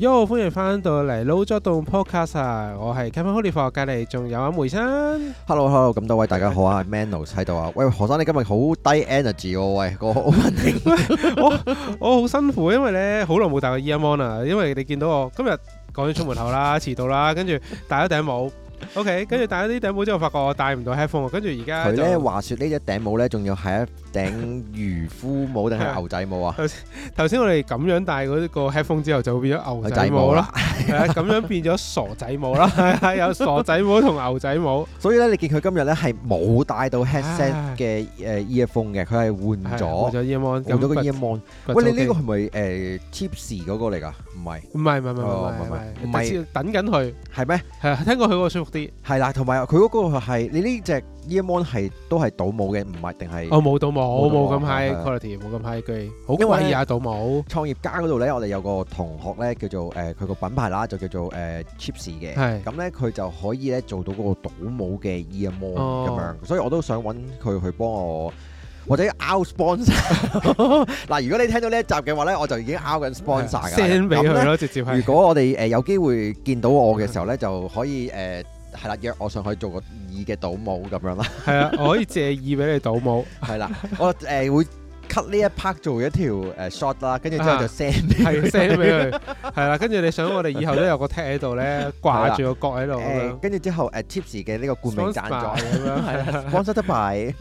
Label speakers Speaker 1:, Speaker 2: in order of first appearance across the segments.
Speaker 1: 喲，歡迎翻到嚟 Low 震動 Podcast 啊！我係今日 holiday，隔籬仲有阿梅生。
Speaker 2: Hello，Hello，咁多位大家好啊！Manos 喺度啊！喂，何生你今日好低 energy 喎！
Speaker 1: 喂，我我好辛苦，因為咧好耐冇戴過 earphone 啦。因為你見到我今日趕住出門口啦，遲到啦，跟住戴咗頂帽。OK，跟住戴咗呢頂帽之後，發覺我戴唔到 headphone。跟住而家佢咧，
Speaker 2: 話說呢隻頂帽咧，仲要係一頂漁
Speaker 1: 夫帽定係牛仔帽啊？頭頭先我哋咁樣戴嗰一個 headphone 之後，就會變咗牛仔帽啦。咁樣變咗傻仔帽啦。係啊，有傻仔帽同牛仔帽。
Speaker 2: 所以咧，你見佢今日咧係冇帶到 headset 嘅誒 earphone 嘅，佢係換咗換咗 earphone，換咗個 earphone。喂，你呢個係咪誒 tips 嗰個嚟㗎？唔係唔係唔係唔係唔係唔係，
Speaker 1: 等緊佢係咩？係啊，聽過佢嗰個舒服啲。係啦，同埋佢
Speaker 2: 嗰個係你呢隻 earphone 係都係倒帽嘅，唔係定係我冇倒帽。冇冇咁 high quality，
Speaker 1: 冇咁 high good，因為啊
Speaker 2: 賭舞創業家嗰度咧，我哋有個同學咧叫做誒佢個品牌啦，就叫做誒 Chips 嘅，咁咧佢就可以咧做到嗰個賭舞嘅 ear more 咁樣，所以我都想揾佢去幫我，或者 out sponsor。嗱，如果你聽到呢一集嘅話咧，我就已經 out 緊 sponsor 啦 send 俾佢咯，直接係。如果我哋誒有機會見到我嘅時候咧，就可以誒。係啦，約我上去做個二嘅賭舞咁樣啦。
Speaker 1: 係啊，我可以借二俾你賭舞。係啦，我誒會
Speaker 2: cut 呢一 part 做一條誒 shot 啦，跟住之後就 send 係 send 俾佢。係啦，跟住你想我哋以後都有個 tick 喺度咧，掛住個角喺度。跟住之後誒 tips 嘅呢個冠名贊助咁樣。光
Speaker 1: 身得牌。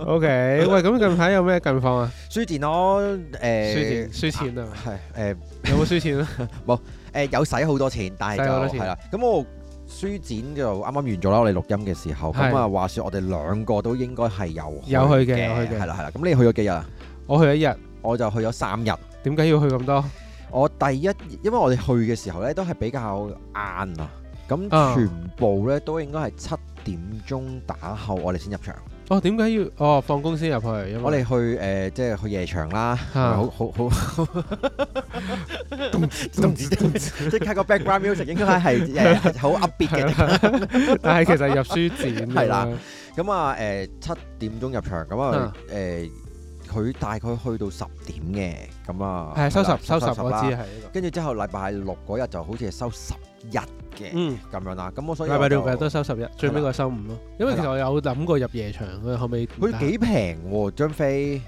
Speaker 1: O K，喂，咁近排有咩近況啊？
Speaker 2: 輸電腦誒，輸錢，輸錢啊！
Speaker 1: 係誒，有冇輸錢啊？
Speaker 2: 冇誒，有使好多錢，但係就係啦。咁我。書展就啱啱完咗啦，我哋錄音嘅時候，咁啊的話説我哋兩個都應該係有去嘅。係啦係啦，咁你去咗幾日啊？我去咗一日，我就去咗三日。點解要去咁多？我第一，因為我哋去嘅時候咧，都係比較晏啊，咁全部咧、uh. 都應該係七點鐘打後，我哋先入場。
Speaker 1: 哦，點解要哦放工先入去？我哋去誒，
Speaker 2: 即係去夜場啦，好好好。哈哈哈哈哈。即刻個 background music 應該係係好 upbeat 嘅。但係其實入書展係啦，咁啊誒七點鐘入場，咁啊誒佢大概去到十點嘅，咁啊係收十收十啦。跟住之後禮拜六嗰日就好似係收十一，嗯，咁樣啦，咁我所以禮拜六日都收十一，最尾個
Speaker 1: 收五咯。因為其實我有諗過入夜場，佢後尾，佢幾平喎，張飛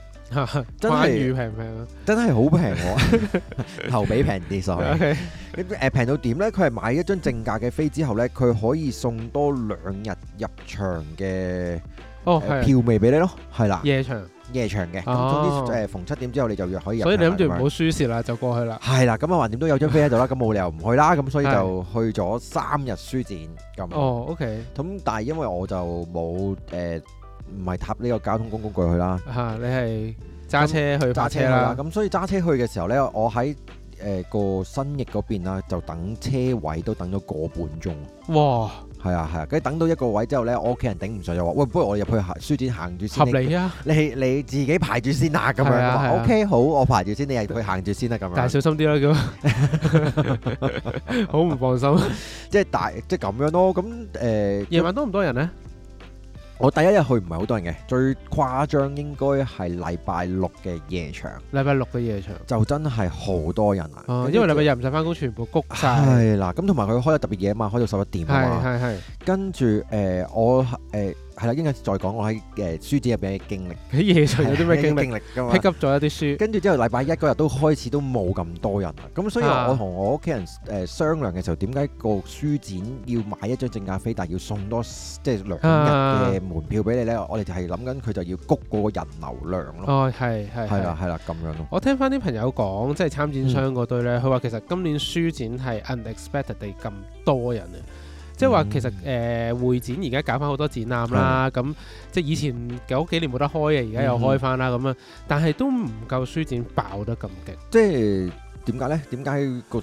Speaker 1: 真係平唔平咯，真係好平喎，投比平啲實。
Speaker 2: 誒，平到點咧？佢係買一張正價嘅飛之後咧，佢可以送多兩日入場嘅哦票未俾你咯，係啦，夜場。夜場嘅，誒、哦、逢七點之後你就約可以入，所以你諗住唔好輸蝕啦，樣就過去啦。係啦，咁啊，橫掂都有張飛喺度啦，咁冇 理由唔去啦，咁所以就去咗三日書展。咁、哦。哦，OK。咁但係因為我就冇誒唔係搭呢個交通工具去啦，吓、啊、
Speaker 1: 你係揸車去揸車啦，咁
Speaker 2: 所以揸車去嘅時候咧，我喺誒個新翼嗰邊啦，就等車位都等咗個半鐘。哇！係啊係啊，跟住、啊、等到一個位之後咧，我屋企人頂唔順就話：喂，不如我入去行書展行住先。你啊！你你自己排住先
Speaker 1: 啊！咁、啊、樣、啊啊、OK，好，
Speaker 2: 我排住先，你入去行住先啦、啊、咁樣。但係小心啲啦咁，好唔放心。即係大即係咁樣咯。咁誒，夜、呃、
Speaker 1: 晚多唔多人咧？
Speaker 2: 我第一日去唔係好多人嘅，最誇張應該係禮拜六嘅夜場。禮拜六嘅夜場就真係好多人啊！
Speaker 1: 因為禮拜日唔使返工，
Speaker 2: 全部谷晒。係啦，咁同埋佢開得特別夜啊嘛，開到十一點啊嘛。係係係。跟住誒、呃，我誒。呃係啦，應該 再講我喺誒書展入邊嘅經歷。喺夜上有啲咩經歷？批急咗一啲書。跟住之後，禮拜一嗰日都開始都冇咁多人啦。咁所以我同我屋企人誒商量嘅時候，點解個書展要買一張正價飛，但係要送多即係、就是、兩日嘅門票俾你咧？我哋就係諗緊佢就要谷嗰個人流量咯。哦，係係係啦，係啦，咁樣咯。我
Speaker 1: 聽翻啲朋友講，即、就、係、是、參展商嗰堆咧，佢話、嗯、其實今年書展係 unexpected 咁多人啊。嗯、即係話其實誒、呃、會展而家搞翻好多展覽啦，咁、嗯啊、即係以前九幾年冇得開嘅，而家又開翻啦咁啊！但係都唔夠書展爆得咁勁。
Speaker 2: 即係點解咧？點解、嗰個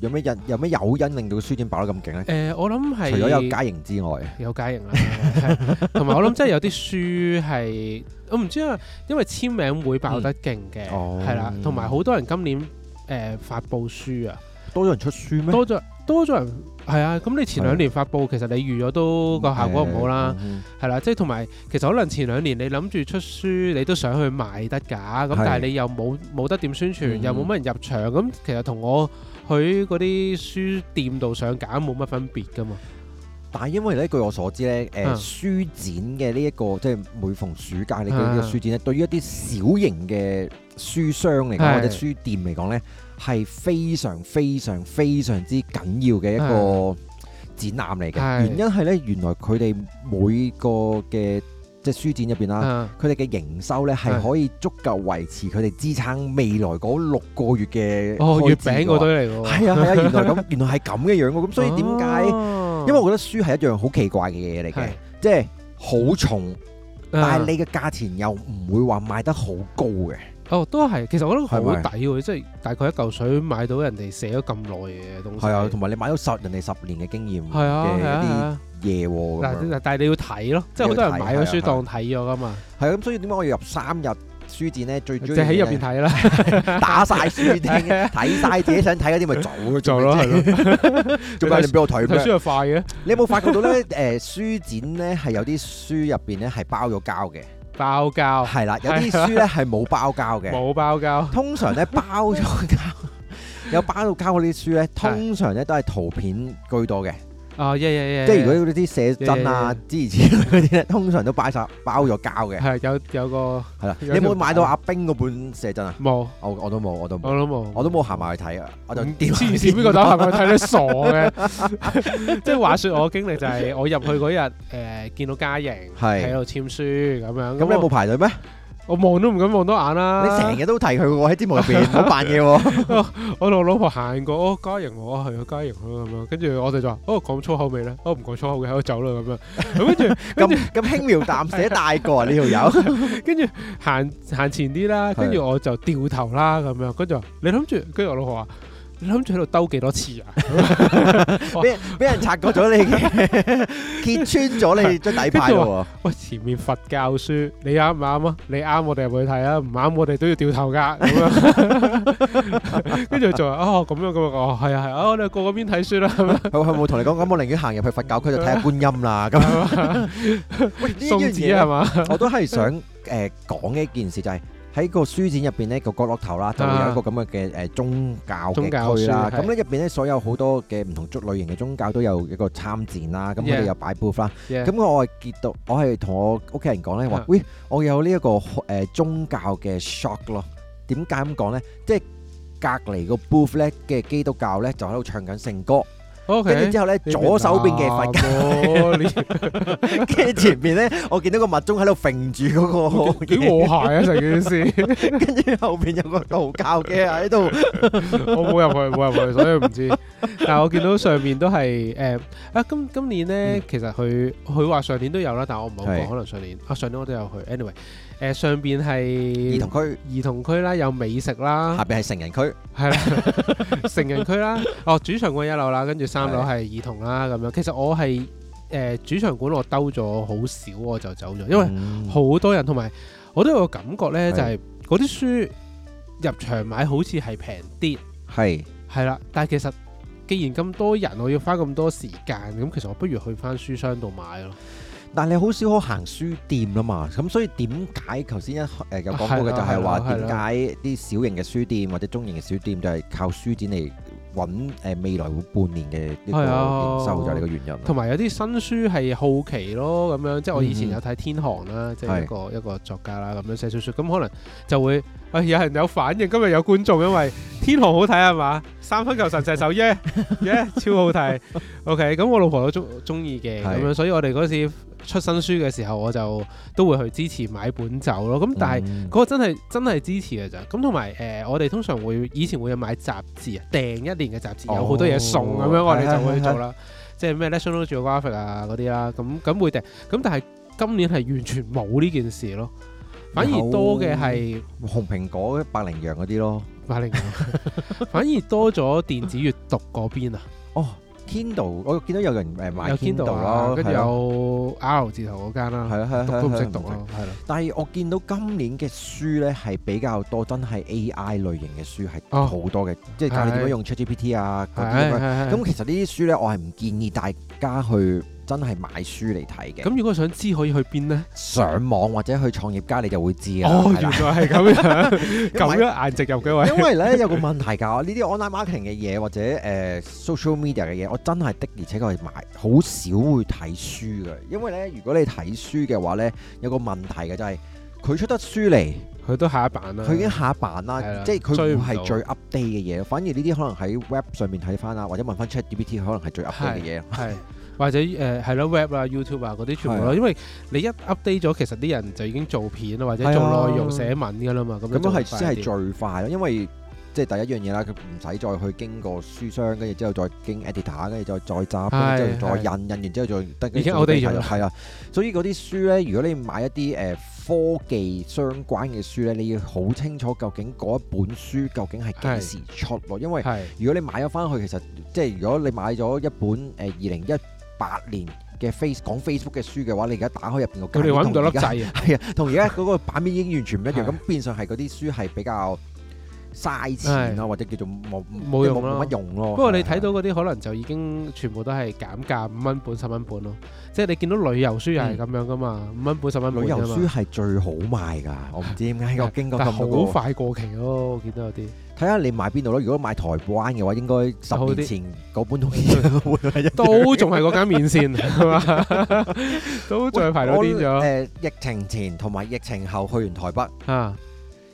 Speaker 2: 有咩引有咩誘因令到書展爆得咁勁咧？誒、呃，我諗係除咗有家營之外，
Speaker 1: 有家營啦，同埋 我諗即係有啲書係 我唔知啊，因為簽名會爆得勁嘅，係啦、嗯，同埋好多人今年誒、呃、發布書啊了，多咗人出書咩？多咗多咗人。係啊，咁你前兩年發布，啊、其實你預咗都個效果唔好啦，係啦、啊，即係同埋其實可能前兩年你諗住出書，你都想去賣得㗎，咁但係你又冇冇、啊、得點宣傳，嗯、哼又冇乜人入場，咁其實同我去嗰啲書店度上，上架冇乜分別噶嘛。
Speaker 2: 但係因為咧，據我所知咧，誒、呃啊、書展嘅呢一個即係每逢暑假，你嘅呢個書展咧，啊、對於一啲小型嘅書商嚟講、啊、或者書店嚟講咧，係非常非常非常之緊要嘅一個展覽嚟嘅，原因係咧，原來佢哋每個嘅即係書展入邊啦，佢哋嘅營收咧係可以足夠維持佢哋支撐未來嗰六個月嘅。哦月餅嗰度嚟嘅，係啊，係啊，原來咁， 原來係咁嘅樣嘅，咁所以點解？哦、因為我覺得書係一樣好奇怪嘅嘢嚟嘅，是即係好重，
Speaker 1: 但係你
Speaker 2: 嘅價錢又唔會話賣得好高嘅。
Speaker 1: 哦，都係，其實我覺得好抵，即係大概一嚿水買到人哋寫咗咁耐嘅東西。係啊，同埋你買咗十人哋十年嘅經驗嘅一啲
Speaker 2: 嘢咁樣。
Speaker 1: 但係你要睇咯，即係好多人買咗書當睇咗噶嘛。
Speaker 2: 係啊，咁所以點解我要入三日書展咧？最主要就喺入邊睇啦，打晒書聽，睇晒自己想睇嗰啲咪走咗咯。
Speaker 1: 做咩？你俾我睇書係快嘅。
Speaker 2: 你有冇發覺到咧？誒，書展咧係有啲書入邊咧係包咗膠嘅。包膠係啦，有啲書咧係冇包膠嘅，冇 包膠。 通常咧包咗膠，有包到膠嗰啲書咧，通常咧都係圖片居多嘅。
Speaker 1: 啊，耶耶耶！即係如果嗰啲寫真啊，
Speaker 2: 諸如此類嗰啲咧，通常都擺晒包咗膠嘅。係有有個係啦，你有冇買到阿冰嗰本寫真啊？冇，我我都冇，我都冇，我都冇，我都冇行埋去睇啊！我就點知邊個走行去睇你傻嘅？
Speaker 1: 即係話說我經歷就係我入去嗰日，誒見到嘉瑩係喺度簽書咁樣。咁你有冇排隊咩？我望都唔敢望多眼啦，啊！你成日都提佢，我喺節目入邊，唔好扮嘢喎。我同我老婆行過，哦，嘉瑩，我係啊嘉瑩咁樣。跟住我哋就話，哦，講粗口未咧？哦，唔講粗口嘅，喺度走啦咁樣。咁跟住咁咁輕描淡寫大、啊、個呢條友，跟住行行前啲啦，跟住我就掉頭啦咁樣。跟住你諗住，跟住我老婆話。你諗住喺度兜幾多次啊？俾人俾人察覺咗你，
Speaker 2: 揭穿咗你最底牌喎！
Speaker 1: 喂，前面佛教書，你啱唔啱啊？你啱，我哋入去睇啦；唔啱，我哋都要掉頭噶。咁樣，跟住就話，咁樣咁樣，哦，係啊係啊，我哋過嗰邊睇書啦。佢佢有冇同你講咁？我寧願行入去佛教區就睇下觀音啦。咁樣，喂，送子係嘛？我都係想
Speaker 2: 誒講一件事就係。喺個書展入邊咧個角落頭啦，就會有一個咁嘅嘅誒宗教嘅區啦。咁咧，入邊咧，所有好多嘅唔同種類型嘅宗教都有一個參展啦。咁我哋又擺 booth 啦。咁我係見到我係同我屋企人講咧，話，喂，我有呢一個誒宗教嘅 shock 咯。點解咁講咧？即係隔離個 booth 咧嘅基督教咧就喺度唱緊聖歌。跟住 Okay, 之後咧，左手邊嘅佛，跟住、啊、 前面咧，我見到個密宗喺度揈住嗰個，幾和諧啊！成件事， 跟住後邊有個道教嘅喺度，
Speaker 1: 我冇入去，冇入去，所以唔知。 但係我見到上面都係誒、嗯、啊，今今年咧，嗯、其實佢佢話上年都有啦，但係我唔好講，是可能上年啊，上年我都有去。anyway。誒、呃，上邊係兒童區，兒童區啦，有美食啦，下邊係成人區，係啦、嗯， 成人區區啦， 哦，主場館一樓啦，跟住三樓係兒童啦，咁樣。其實我係誒、呃、主場館我兜咗好少，我就走咗，因為好多人，同埋、嗯、我都有個感覺呢，就係嗰啲書入場買好似係平啲，係係啦，但係其實既然咁多人，我要花咁多時間，咁其實我不如去翻書商度買咯。但係你好少可行書店啦嘛，咁所以點解頭先一誒有講過嘅就係話，點解
Speaker 2: 啲小型嘅書店或者中型嘅小店就係靠書展嚟揾誒未來半半年嘅呢個營收，就係呢個原因。
Speaker 1: 同埋有啲新書係好奇咯咁樣，即係我以前有睇天航啦，即係、嗯、一個是一個作家啦咁樣寫小說，咁可能就會。哎、有人有反應，今日有觀眾，因為天《天河好睇係嘛？三分球神射手耶耶， yeah, 超好睇。 OK，咁我老婆都鍾鍾意嘅，咁的樣，所以我哋嗰時出新書嘅時候，我就都會去支持買本就咯。咁但係嗰個真係真係支持嘅咋。咁，同埋誒，我哋通常會以前會有買雜誌啊，訂一年嘅雜誌有好多嘢送咁、哦、樣，我哋就會做啦。的即係咩 National Geographic 啊嗰啲啦，咁咁會訂。咁但係今年係完全冇呢件事咯。反而多嘅係
Speaker 2: 紅蘋果、白羚羊嗰啲咯，白羚羊
Speaker 1: 反而多咗電子閱讀
Speaker 2: 嗰邊啊。哦，Kindle，我見到有人誒買 Kindle 咯，跟住
Speaker 1: 有 R 字頭嗰間啦，係啦，讀都唔識讀嘅，係咯。
Speaker 2: 但係我見到今年嘅書咧係比較多，真係 AI 類型嘅書係好多嘅，即係教你點樣用 ChatGPT 啊嗰啲咁樣。咁其實呢啲書咧，我係唔建議大家去。真係買書嚟睇嘅。咁如果想知可以去邊呢？上網或者去創業家你就會知哦，的原來係咁樣，咁嘅顏值又幾偉。因為咧有個問題㗎，呢啲 online marketing 嘅嘢或者誒 social media 嘅嘢，我真係的，而且確係買好少會睇書㗎。因為咧，如果你睇書嘅話咧，有個問題嘅就係、是、佢出得書嚟，佢都下一版啦，佢已經下一版啦，嗯、即係佢係最 update 嘅嘢。反而呢啲可能喺 web 上面睇翻啊，或者問翻 ChatGPT，可能係最 update 嘅嘢。係是。
Speaker 1: 或者誒係咯，Web 啊 YouTube 啊嗰啲全部咯，的因為你一 update 咗，其實啲人就已經做片啊，或者做內容寫文噶啦嘛。咁都係即係最
Speaker 2: 快咯，因為即係第一樣嘢啦，佢唔使再去經過書商，跟住之後再經 editor，跟住再後再雜，跟住再印，印完之後再已經 u 啊。所以嗰啲書咧，如果你買一啲誒科技相關嘅書咧，你要好清楚究竟嗰一本書究竟係幾時出咯的，因為如果你買咗翻去，其實即係如果你買咗一本誒二零一。呃八年嘅 face 講 Facebook 嘅書嘅話，你而家打開入邊個佢哋揾到粒掣啊！係啊，同而家嗰個版面已經完全唔一樣。咁 的變相係嗰啲書係比較嘥錢咯，的或者叫做冇冇用冇乜用咯。不過你
Speaker 1: 睇到嗰啲可能就已經全部都係減價五蚊本、十蚊本咯。即係的你見到旅遊書又係咁樣噶嘛？五蚊本、十蚊旅遊書
Speaker 2: 係最好賣㗎，我唔知點解個經過咁多好快
Speaker 1: 過期咯，我見到有啲。
Speaker 2: 睇下你買邊度咯，如果買台灣嘅話，應該十年前嗰本都會係一都仲係嗰間麵線，
Speaker 1: 都仲係排到攤咗。誒
Speaker 2: 疫情前同埋疫情後去完台北啊，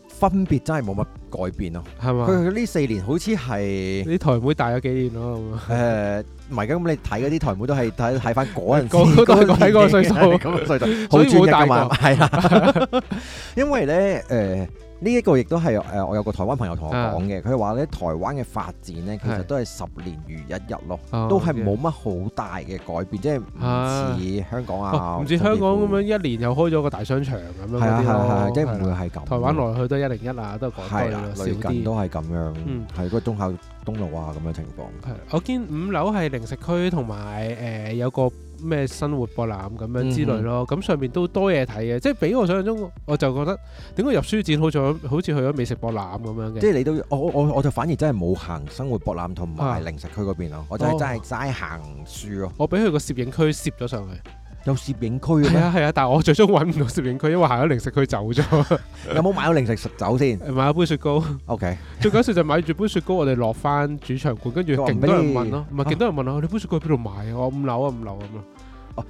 Speaker 2: 分別真係冇乜改變咯，係嘛？佢呢四年好似係啲台妹大咗幾年咯。誒，唔係㗎，咁你睇嗰啲台妹都係睇睇翻嗰陣嗰個歲數咁歲數，好似冇大埋係啦，因為咧誒。呢一個亦都係誒，我有個台灣朋友同我講嘅，佢話咧台灣嘅發展咧，其實都係十年如一日咯，都係冇乜好大嘅改變，即係唔似香港啊，唔似香
Speaker 1: 港咁樣一年又開咗個大商場咁樣嗰啲咯，即係唔會係咁。台灣來去都一零一啊，都係咁樣，最近都係
Speaker 2: 咁樣，係個中考。東路啊，咁樣情況。係，
Speaker 1: 我見五樓係零食區同埋誒，有個咩生活博覽咁樣之類咯，咁、嗯、哼上面都多嘢睇嘅，即係比我想象中，我就覺得點解入書展好似好似去咗美食博覽咁樣嘅。即係你
Speaker 2: 都我我我就反而真係冇行生活博覽同埋零食區嗰邊咯，啊、我就係真係
Speaker 1: 齋、哦、行書咯。我俾佢個攝影區攝咗上去。有攝影區嘅咩？係啊，係啊，但係我最終搵唔到攝影區，因為行咗 零食區走咗。有冇 買咗零食食走先？買咗杯雪糕。O Okay . K，最緊要就買住杯雪糕，我哋落翻主場館，跟住，勁多人問咯，唔係勁多人問啊，啊！你杯雪糕喺邊度買啊？我五樓啊，五樓咁咯。哦、啊，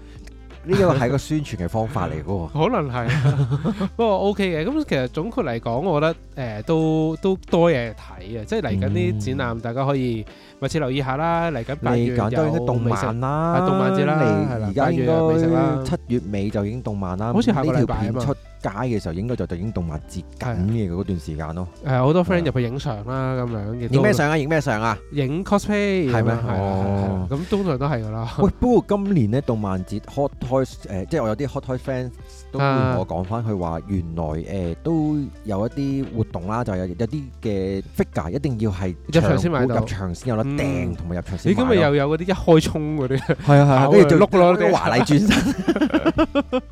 Speaker 1: 呢個係
Speaker 2: 個宣傳嘅方法嚟噶喎。
Speaker 1: 可能係、啊， 不過 O K 嘅。咁其實總括嚟講，我覺得誒都都，都多嘢睇啊！即係嚟緊啲展覽，嗯、大家可以。密切留意下，下，下動漫啦，嚟緊八月有未食啦？係動漫節啦，嚟而家應該七
Speaker 2: 月尾就已經動漫啦。好似喺呢條片出街嘅時候，應該就就已經動漫節緊嘅嗰的段時間咯。
Speaker 1: 誒，好多 friend 入去影相啦，咁的樣嘅。影咩相啊？影咩相啊？影 cosplay 係咩嗎？的哦，咁通常都係㗎喇。喂，
Speaker 2: 不過今年呢動漫節 hot toys、呃、即係我有啲 hot toys fans。都同我講翻，佢話原來誒都有一啲活動啦，就係有有啲嘅 figure 一定要係入場先買到，入場先有得訂，同埋入場先。你今日又有嗰
Speaker 1: 啲一開衝嗰啲，係啊係啊，就碌咯啲華麗轉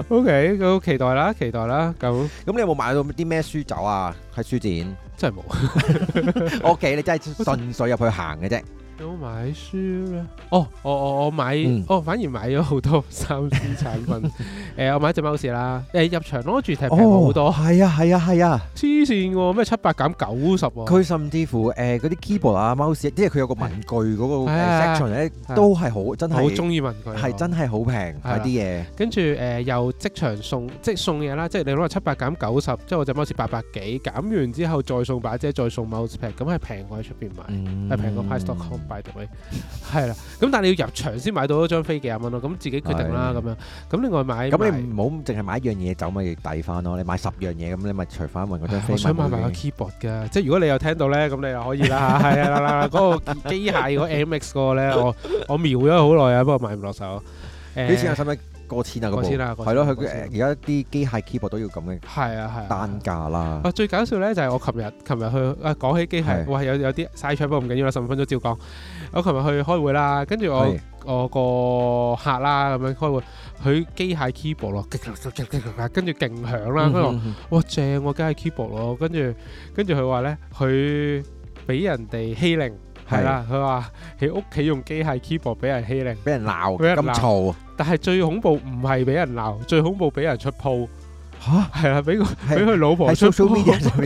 Speaker 1: 身。OK，好期待啦，期待啦，咁咁你有冇買到
Speaker 2: 啲咩書走啊？喺書展真係冇。OK，你真係純粹入去行嘅啫。
Speaker 1: 有買書咩？哦，我我我買，哦，反而買咗好多三 C 產品。誒、 呃，我買一隻 m o 啦，誒，入場攞住台皮好多，係啊係啊係啊，黐線、啊，咩七百減九十，佢、啊
Speaker 2: 啊、甚至乎誒嗰啲 keyboard 啊 m o 即 s 佢有個文具嗰個 set 場咧，都係好真係好中意
Speaker 1: 文具，係真係好平，係啲嘢。跟住誒、呃、又即場送即送嘢啦，即係你攞個七百減九十，即係、就是、我隻 m o 八百幾，減完之後再送把遮，再送 mouse pad，咁係平過喺出邊買，係平、mm. 過 price o t c o 拜讀你，係啦，咁但係你要入場先買到一張飛，幾廿蚊咯，咁自己決定啦咁的樣，咁另外買。咁你唔好淨係買一、嗯、買樣嘢走咪抵翻咯，你買十樣嘢咁你咪除翻勻嗰張飛。我想買埋個 keyboard 㗎， 即係如果你有聽到咧，咁你又可以啦，係啦啦啦嗰個機械嗰 個 MX 嗰個咧，我我瞄咗好耐啊，不過買唔落手。幾錢啊？使唔使？ 過千啊，個部係咯，佢而家啲機械 keyboard 都要咁樣，係啊係啊單
Speaker 2: 價啦。
Speaker 1: 啊最搞笑咧就係我琴日琴日去啊講起機械，哇有有啲嘥彩不過唔緊要啦，十五分鐘照講。我琴日去開會啦，跟住我我個客啦咁樣開會，佢機械 keyboard 咯，跟住勁響啦，跟住哇正喎，機械 keyboard 咯，跟住跟住佢話咧，佢俾人哋欺凌。係啦，佢話喺屋企用機械 keyboard 俾人欺凌，俾人鬧，咁嘈。但係最恐怖唔係俾人鬧，最恐怖俾人出鋪。吓，係啦，俾佢俾佢老婆出鋪。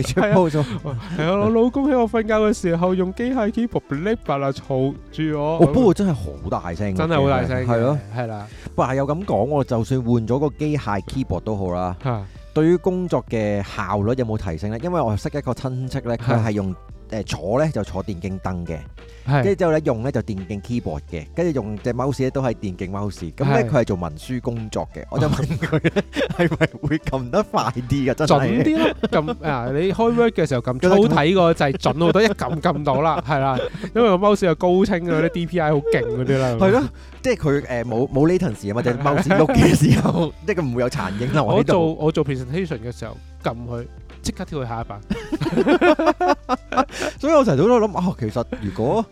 Speaker 1: 係啊，我老公喺我瞓覺嘅時候用機械 keyboard 叻白啦，嘈住我。不過真係好大聲，真係好大聲。係咯，係啦。不過
Speaker 2: 又咁講，我就算換咗個機械 keyboard 都好啦。對於工作嘅效率有冇提升咧？因為我識一個親戚咧，佢係用。誒坐咧就坐電競凳嘅，跟住之後咧用咧就電競 keyboard 嘅，跟住用隻 mouse 咧都係電競 mouse。咁咧佢係做
Speaker 1: 文書工作嘅，我就問佢，係咪會撳得快啲㗎？準啲咯，撳啊！你開 work 嘅時候撳，好睇個就係準好多，一撳撳到啦，係啦。因為個 mouse 係高清嗰啲 DPI 好勁嗰啲啦。係咯，即係佢誒冇冇 latency 啊嘛，即係隻 mouse 碌嘅時候，即係唔會有殘影啦。我做我做 presentation 嘅時候撳佢。即刻跳去下一版，
Speaker 2: 所以我成日都喺度諗啊。其實如果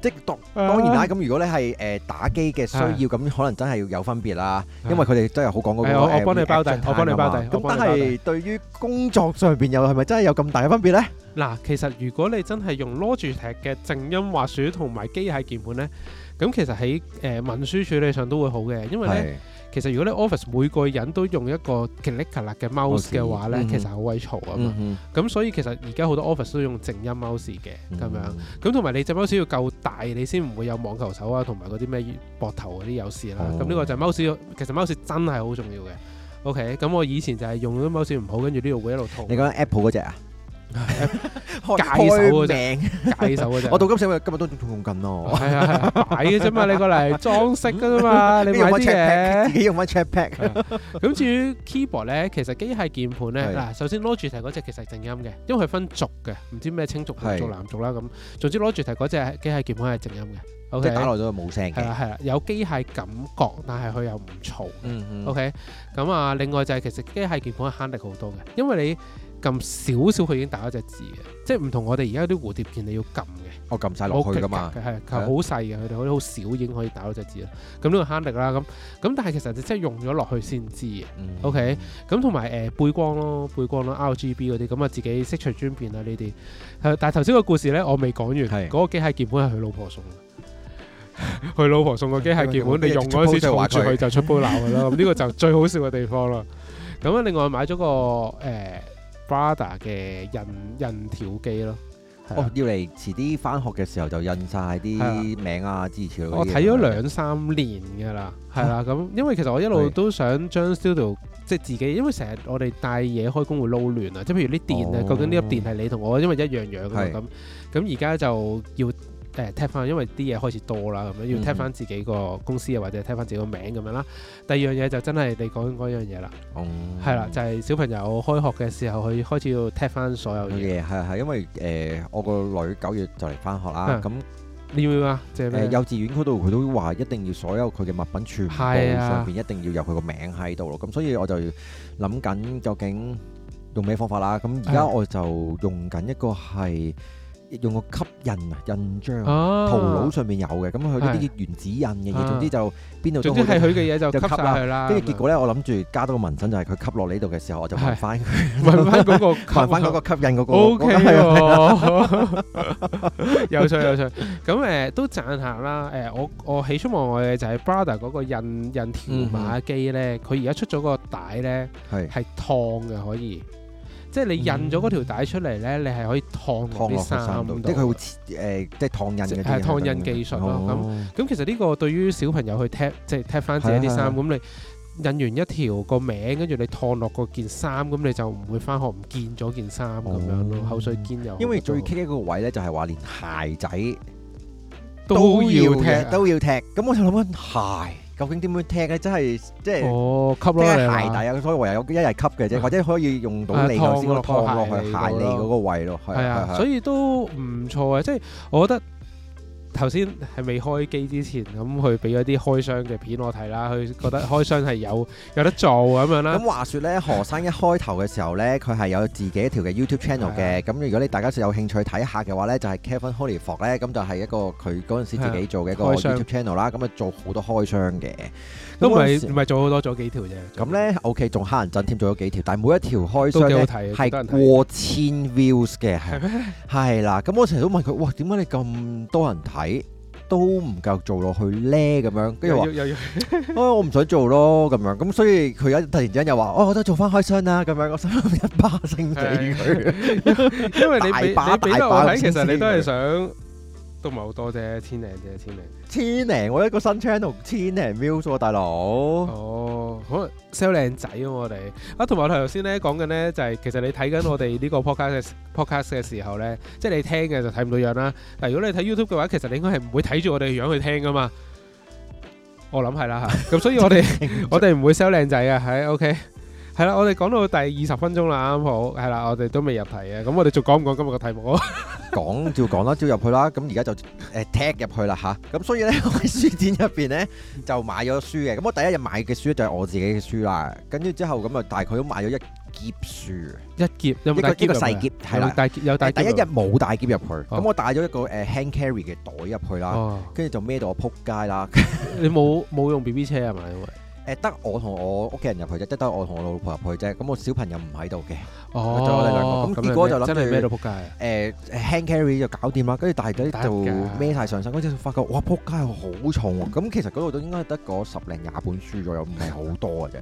Speaker 2: 即當、哎、呀當然啦，咁如果你係誒、呃、打機嘅需要，咁可能真係要有分別
Speaker 1: 啦。哎、呀因為佢哋
Speaker 2: 真係好講嗰句我、哎呀呃、我幫你包底，呃、我幫你包底。咁但係對於工作上邊又係咪真係有咁大嘅分別咧？
Speaker 1: 嗱，其實如果你真係用 l 攞住踢嘅靜音滑鼠同埋機械鍵盤咧，咁其實喺誒文書處理上都會好嘅，因為咧是其實如果你 Office 每個人都用一個乾乾辣嘅 mouse 嘅話咧，嗯、哼其實好鬼嘈啊嘛。咁、嗯、哼所以其實而家好多 Office 都用靜音 mouse 嘅咁樣，咁同埋你隻 mouse 要夠大，你先唔會有網球手啊，同埋嗰啲咩膊頭嗰啲有事啦。咁呢、哦、個就係 mouse，其實 mouse 真係好重要嘅。OK，咁我以前就係用咗 mouse 唔好，跟住呢度會一路痛。你
Speaker 2: 講 Apple 嗰隻啊？
Speaker 1: 解 手開名 介紹嘅啫，我到今時今日
Speaker 2: 都仲用緊咯。 係啊，係啊，
Speaker 1: 擺嘅啫嘛，你過嚟裝飾嘅啫嘛。你買用乜 check pack？你用乜 check pack？咁至於 keyboard 咧，其實機械鍵盤咧，嗱的，首先 Logitech 嗰隻其實靜音嘅，因為佢分軸嘅，唔知咩青軸、綠軸的、藍軸啦咁。總之 Logitech 嗰隻機械鍵盤係靜音嘅，的 okay? 即係打耐咗冇聲嘅。係啦，係啦，有機械感覺，但係佢又唔嘈。嗯嗯。O K，咁啊，另外就係、是、其實機械鍵盤係慳力好多嘅，因為你。撳少少佢已經打咗隻字嘅，即係唔同我哋而家啲蝴蝶鍵你要撳嘅，我撳晒落去㗎嘛，係佢好細嘅，佢哋好似好少已經可以打到隻字啦。咁呢個慳力啦，咁咁但係其實就真係用咗落去先知嘅。O K，咁同埋誒背光咯，背光咯，R G B 嗰啲，咁啊自己色彩專變啦呢啲。但係頭先個故事咧，我未講完，嗰的個機械鍵盤係佢老婆送嘅，佢 老婆送個機械鍵盤， 你用嗰時錯咗佢就出波鬧㗎啦。咁呢 個就最好笑嘅地方啦。咁另外買咗個誒，欸 Brother 嘅印印條機咯，哦，要
Speaker 2: 嚟遲啲翻學嘅時候就印晒啲名啊，支持的我睇咗兩
Speaker 1: 三年噶啦，係啦、啊，咁因為其實我一路都想將 studio 的即係自己，因為成日我哋帶嘢開工會撈亂啊，即係譬如啲電啊，哦、究竟呢粒電係你同我因為一樣樣啊，咁咁而家就要。誒 tap 翻，因為啲嘢開始多啦，咁樣要 tap 翻自己個公司啊，或者 tap 翻自己個名咁樣啦。第二樣嘢就真係你講嗰樣嘢啦，係啦，就係小朋友開學嘅時候，佢開始要 tap 翻所有嘢。
Speaker 2: 係係，因為誒我個女九月就嚟翻學啦，咁
Speaker 1: 你明嘛？誒幼
Speaker 2: 稚園嗰度佢都話一定要所有佢嘅物品全部上邊一定要有佢個名喺度咯。咁所以我就諗緊究竟用咩方法啦？咁而家我就用緊一個係。用個吸印啊，印章、圖稿上面有嘅，咁佢呢啲原子印嘅嘢，總之就邊度。總之係佢嘅嘢就吸曬去啦。跟住結果咧，我諗住加多個紋身，就係佢吸落呢度嘅時候，我就揾翻佢，揾翻嗰個，揾翻嗰個吸印嗰個。O K，
Speaker 1: 有趣有趣。咁誒都讚下啦。誒，我我喜出望外嘅就係 Brother 嗰個印印條碼機咧，佢而家出咗個帶咧，係係燙嘅可以。即係你印咗嗰條帶出嚟咧，你係可以燙燙啲衫，即係
Speaker 2: 佢會誒，即係燙印燙印技術咯。咁
Speaker 1: 咁其實呢個對於小朋友去踢，即係踢翻自己啲衫。咁你印完一條個名，跟住你燙落個件衫，咁你就唔會翻學唔見咗件衫咁樣咯。口水堅又。因為最
Speaker 2: care 嗰個位咧，就係話連鞋仔都要踢，都要踢。咁我就諗緊鞋。究竟點樣踢咧？真係即係啲鞋底，哦、鞋底啊，所以唯有一日吸嘅啫，是或者可以用到你頭先可以落去鞋你嗰個位咯。係啊，所以
Speaker 1: 都唔錯嘅，的即係我覺得。頭先係未開機之前咁，佢俾咗啲開箱嘅片我睇啦，佢覺得開箱係有有得做咁樣啦。咁話說咧，何生一開頭嘅時候
Speaker 2: 咧，佢係有自己一條嘅 YouTube channel 嘅。咁的如果你大家有興趣睇下嘅話咧，就係、是、Kevin Hollywood 咧，咁就係一個佢嗰陣時自己做嘅一個 YouTube channel 啦。咁啊，做好多開箱嘅。都唔係
Speaker 1: 唔係做好多做幾條
Speaker 2: 啫，咁咧 OK，仲嚇人陣添，做咗幾、OK, 幾條，但係每一條開箱咧係過千 views 嘅，係係啦。咁嗎我成日都問佢，哇，點解你咁多人睇都唔夠做落去咧？咁樣跟住話，哦、哎，我唔想做咯咁樣。咁所以佢一突然之間又話，哦、哎，我都做翻開箱啦咁樣，我想心一巴聲俾佢，因為給大把大把，其實你都係
Speaker 1: 想。都唔係好多啫，千零啫，千零。千零，我一個新 channel，千零 views，大佬。哦，可能 sell 靚仔啊我哋。啊，同埋我頭先咧講緊咧，就係、是、其實你睇緊我哋呢個 Pod podcast podcast 嘅時候咧，即、就、係、是、你聽嘅就睇唔到樣啦。但係如果你睇 YouTube 嘅話，其實你應該係唔會睇住我哋樣去聽噶嘛。我諗係啦嚇，咁 所以我哋了 我哋唔會 sell 靚仔啊，喺 OK。係啦，我哋講到第二十分鐘啦，啱好係啦，我哋都未入題，說說題，呃、啊，咁我哋仲講唔講今日個題目啊？講照講啦，照入去啦，咁而家就
Speaker 2: 誒 tag 入去啦吓，咁所以咧我喺書展入邊咧就買咗書嘅，咁我第一日買嘅書就係我自己嘅書啦，跟住之後咁啊大概都買咗一疊書，一疊，有有一個一個細疊係啦，大有第一日冇大疊入去，咁、哦、我帶咗一個誒 hand carry 嘅袋入去啦，跟住就孭到我撲街啦，你冇冇用 B B 車係咪？因為誒得我同我屋企人入去啫，得得我同我老婆入去啫。咁我小朋友唔喺度嘅。哦，咁結果就諗住咩都撲街。hand carry 就搞掂啦，跟住大家就孭曬上身。跟住、嗯、發覺哇撲街，好重、啊。咁其實嗰度都應該得嗰十零廿本書左右，唔係好多嘅啫。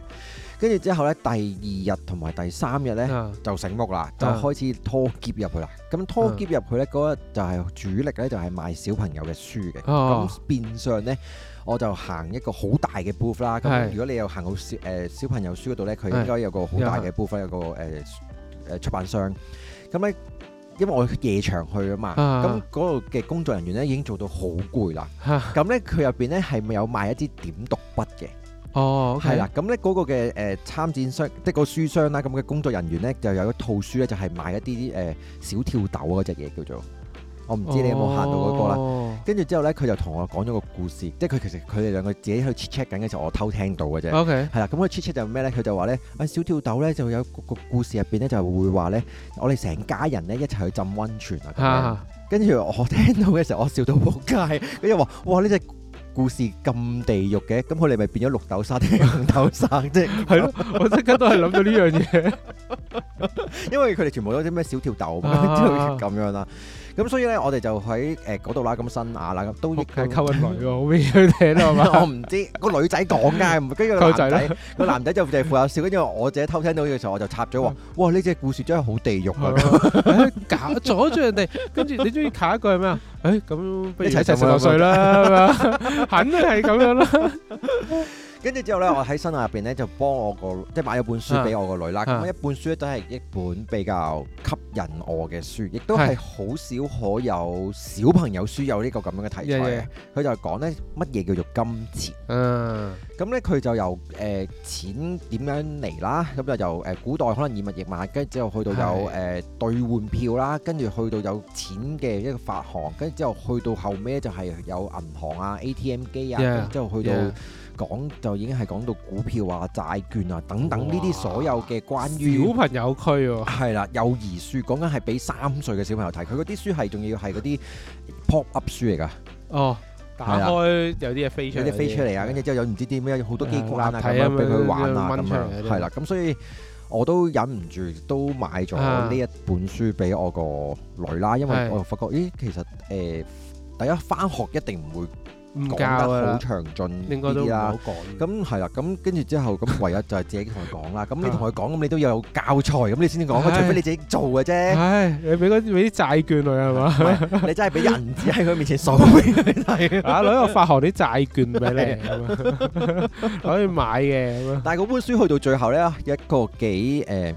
Speaker 2: 跟住 之後咧，第二日同埋第三日咧、嗯、就醒目啦，就開始拖篋入去啦。咁拖篋入去咧，嗰日就係主力咧，就係、是、賣小朋友嘅書嘅。咁、嗯、變相咧。我就行一個好大嘅 booth 啦，咁如果你又行到誒小、呃、小朋友書嗰度咧，佢應該有個好大嘅 booth，有一個誒誒、呃呃呃、出版商。咁咧，因為我夜場去啊嘛，咁嗰度嘅工作人員咧已經做到好攰啦。咁咧佢入邊咧係咪有賣一啲點讀筆嘅？
Speaker 1: 哦、uh，係、huh. 啦。
Speaker 2: 咁咧嗰個嘅誒、呃、參展商即個書商啦，咁嘅工作人員咧就有一套書咧，就係、是、賣一啲誒、呃、小跳豆嗰隻嘢叫做。我唔知你有冇行到嗰個啦，跟住、oh. 之後咧，佢就同我講咗個故事，即係佢其實佢哋兩個自己去度 chat chat 緊嘅時候，我偷聽到嘅啫。OK，係啦，咁佢 chat chat 就咩咧？佢就話咧，啊、哎、小跳豆咧就有個，個故事入邊咧就是、會話咧，我哋成家人咧一齊去浸溫泉啊！跟住 Yeah. 我聽到嘅時候，我笑到仆街。佢就話：哇呢隻。故事咁地獄嘅，咁佢哋咪變咗綠豆沙、紅豆沙即係咯，我即刻都係諗到呢樣嘢，因為佢哋全部都啲咩小跳豆咁、啊、 樣啦，咁所以咧我哋就喺誒嗰度啦，咁新亞啦，咁都益溝緊佢哋喎，
Speaker 1: 我未去睇我唔
Speaker 2: 知個女仔講㗎，唔跟住個男仔，個男仔就淨係負責笑，跟住我自己偷聽到嘅時候，我就插咗話，哇呢隻故事真係好地
Speaker 1: 獄啊，搞阻住人哋，跟住你中意下一句係咩啊？ 誒咁，欸、不如一齊齊四十歲啦，咁樣肯定係咁樣啦。跟住之後呢，我喺
Speaker 2: 身下入邊呢，就幫我個即係、就是、買咗本書俾我個女啦。咁一本書咧都係一本比較吸引我嘅書，亦都係好少可有小朋友書有呢個咁樣嘅題材。佢 Yeah, yeah. 就係講咧乜嘢叫做金錢。嗯，咁咧佢就由誒錢點樣嚟啦？咁就由誒古代可能以物易物，跟住之後去到有誒兌換票啦，跟住去到有錢嘅一個發行，跟住之後去到後尾，就係有銀行啊、ATM 機啊，咁之後去到。講就已經係講到股票啊、債券啊等等呢啲哇所有嘅關於小朋友區喎、啊，係啦，幼兒書講緊係俾三歲嘅小朋友睇，佢嗰啲書係仲要係嗰啲 pop up 書嚟㗎。哦，的
Speaker 1: 打開有啲嘢飛出，有啲飛出嚟啊，跟
Speaker 2: 住的之後有唔知啲咩，有好多機關咁樣俾佢玩啊，咁、啊、樣係啦。咁所以我都忍唔住都買咗呢一本書俾我個女啦，因為我發覺咦，其實誒第一返學一定唔會。唔教啊，好長進啲啦。咁係啦，咁跟住之後，咁唯有就係自己同佢講啦。咁你同佢講，咁你都有教材，咁你先講，除非你自己
Speaker 1: 做嘅啫。係，你俾啲俾啲債券佢係嘛？你真係俾銀紙喺佢面前數俾佢睇。啊，攞一個發行啲債券俾你，可以買
Speaker 2: 嘅。但係嗰本書去到最後咧，一個幾誒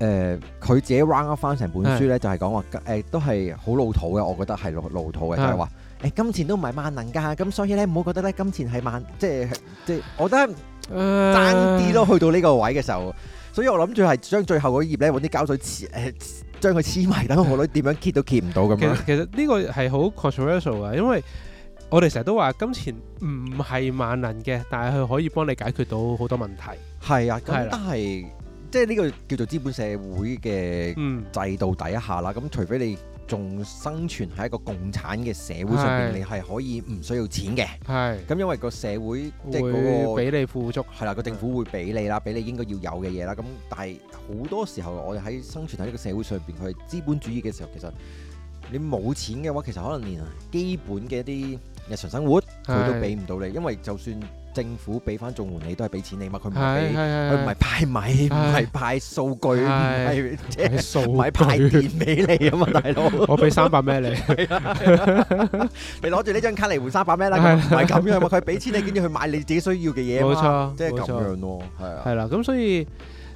Speaker 2: 誒，佢自己 round 翻成本書咧，就係講話誒，都係好老土嘅，我覺得係老土嘅，就係話。誒、哎、金錢都唔係萬能㗎，咁所以咧，唔好覺得咧金錢係萬即係即係，我覺得爭啲咯，去到呢個位嘅時候，所以我諗住係將最後嗰頁咧揾啲膠水黐誒、呃，將佢黐埋，等何女點樣揭都揭唔到咁樣。其實
Speaker 1: 其實呢個係好 controversial 嘅，因為我哋成日都話金錢唔係萬能嘅，但係佢可以幫你解決到好多問題。係啊，咁但
Speaker 2: 係即係呢個叫做資本社會嘅制度底下啦，咁、嗯、除非你。仲生存喺一個共產嘅社會上邊，是你係可以唔需要錢嘅。係是。咁因為個社會即係嗰個會俾你富足係啦，個政府會俾你啦，俾你應該要有嘅嘢啦。咁但係好多時候，我哋喺生存喺呢個社會上邊，佢資本主義嘅時候，其實你冇錢嘅話，其實可能連基本嘅一啲日常生活佢都俾唔到你，是因為就算。政府俾翻綜援，都你都係俾錢你嘛？佢唔係佢唔係派米，唔係是的 派數據，係即
Speaker 1: 係買派電俾你咁啊！大佬，我俾三百咩你？
Speaker 2: 你攞住呢張卡嚟換三百咩啦？唔係咁樣佢俾錢你，跟住去買你自己需要嘅嘢。冇 沒錯，即係咁樣咯。
Speaker 1: 係啊。係啦，咁所以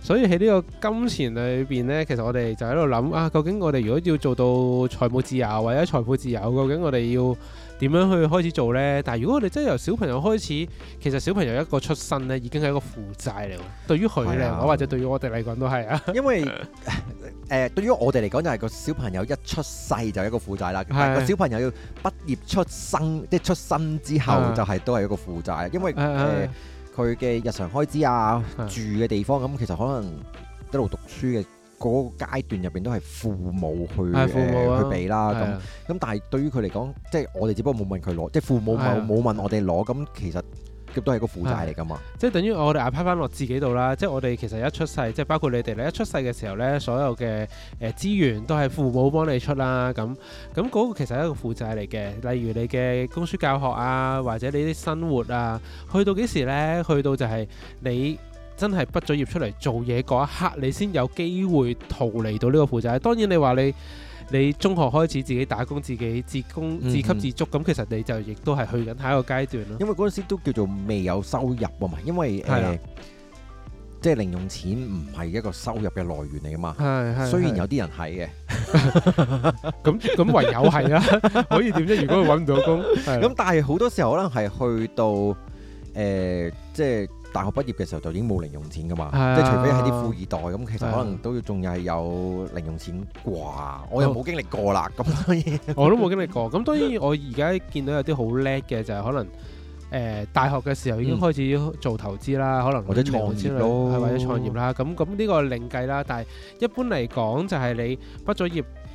Speaker 1: 所以喺呢個金錢裏邊咧，其實我哋就喺度諗啊，究竟我哋如果要做到財務自由或者財富自由，究竟我哋要，點樣去開始做呢？但係如果我哋真係由小朋友開始，其實小朋友一個出生咧，已經係一個負債嚟。對於佢嚟講或者對於我哋嚟講都係啊。因為
Speaker 2: 誒、 呃，對於我哋嚟講就係個小朋友一出世就係一個負債啦。的個小朋友要畢業出生，即、就、係、是、出生之後就係都係一個負債，的因為佢嘅的、呃、日常開支啊、的住嘅地方咁，其實可能一路讀書嘅個階段入邊都係父母去誒去俾啦，咁咁但係對於佢嚟講，即係我哋只不過冇問佢攞，即係父母冇冇問我哋攞，咁其實亦都係個負債嚟㗎嘛。
Speaker 1: 即係等於我哋 apply 翻落自己度啦，即係我哋其實一出世，即係包括你哋咧，一出世嘅時候呢，所有嘅誒資源都係父母幫你出啦，咁咁嗰個其實係一個負債嚟嘅。例如你嘅供書教學啊，或者你啲生活啊，去到幾時呢？去到就係你。真係畢咗業出嚟做嘢嗰一刻，你先有機會逃離到呢個負債。當然，你話你你中學開始自己打工、自己自工、自給自足，咁其實你就亦都係去緊下一個階段啦。因
Speaker 2: 為嗰陣時都叫做未有收入啊嘛，因為誒，即係零用錢唔係一個收入嘅來源嚟啊嘛。係係。雖然有啲人係
Speaker 1: 嘅，咁咁唯有係啊。可以點啫？如果佢揾唔到工，咁
Speaker 2: 但係好多時候可能係去到誒，即係。大學畢業嘅時候就已經冇零用錢㗎嘛，是啊、即係除非係啲富二代咁，是啊、其實可能都要仲係有零用錢啩是、啊，我又冇經歷過啦，咁
Speaker 1: 我都冇經歷過。咁 當然我而家見到有啲好叻嘅就係、是、可能誒、呃、大學嘅時候已經開始做投資啦，嗯、可能或者創業咯，或者創業啦。咁咁呢個另計啦，但係一般嚟講就係你畢咗業，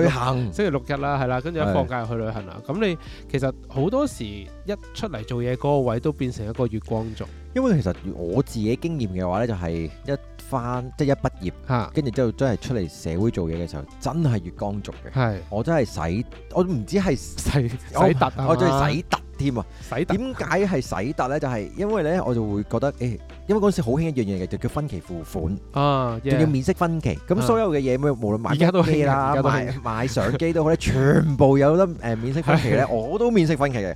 Speaker 1: 旅行，星期六日啦，係啦，跟住一放假又去旅行啦。咁的你其實好多時一出嚟做嘢嗰個位都變成一個月光族。
Speaker 2: 因為其實我自己經驗嘅話咧，就係一返即係一畢業，跟住之後真係出嚟社會做嘢嘅時候，真係月光族嘅。係的我真係使，我唔知係使使突，我真係使突啊嘛。添啊！點解係使達咧？就係因為咧，我就會覺得，誒，因為嗰陣時好興一樣嘢嘅，就叫分期付款啊，仲要免息分期。咁所有嘅嘢，無論買機啦、買買相機都好咧，全部有得誒免息分期咧，我都免息分期嘅。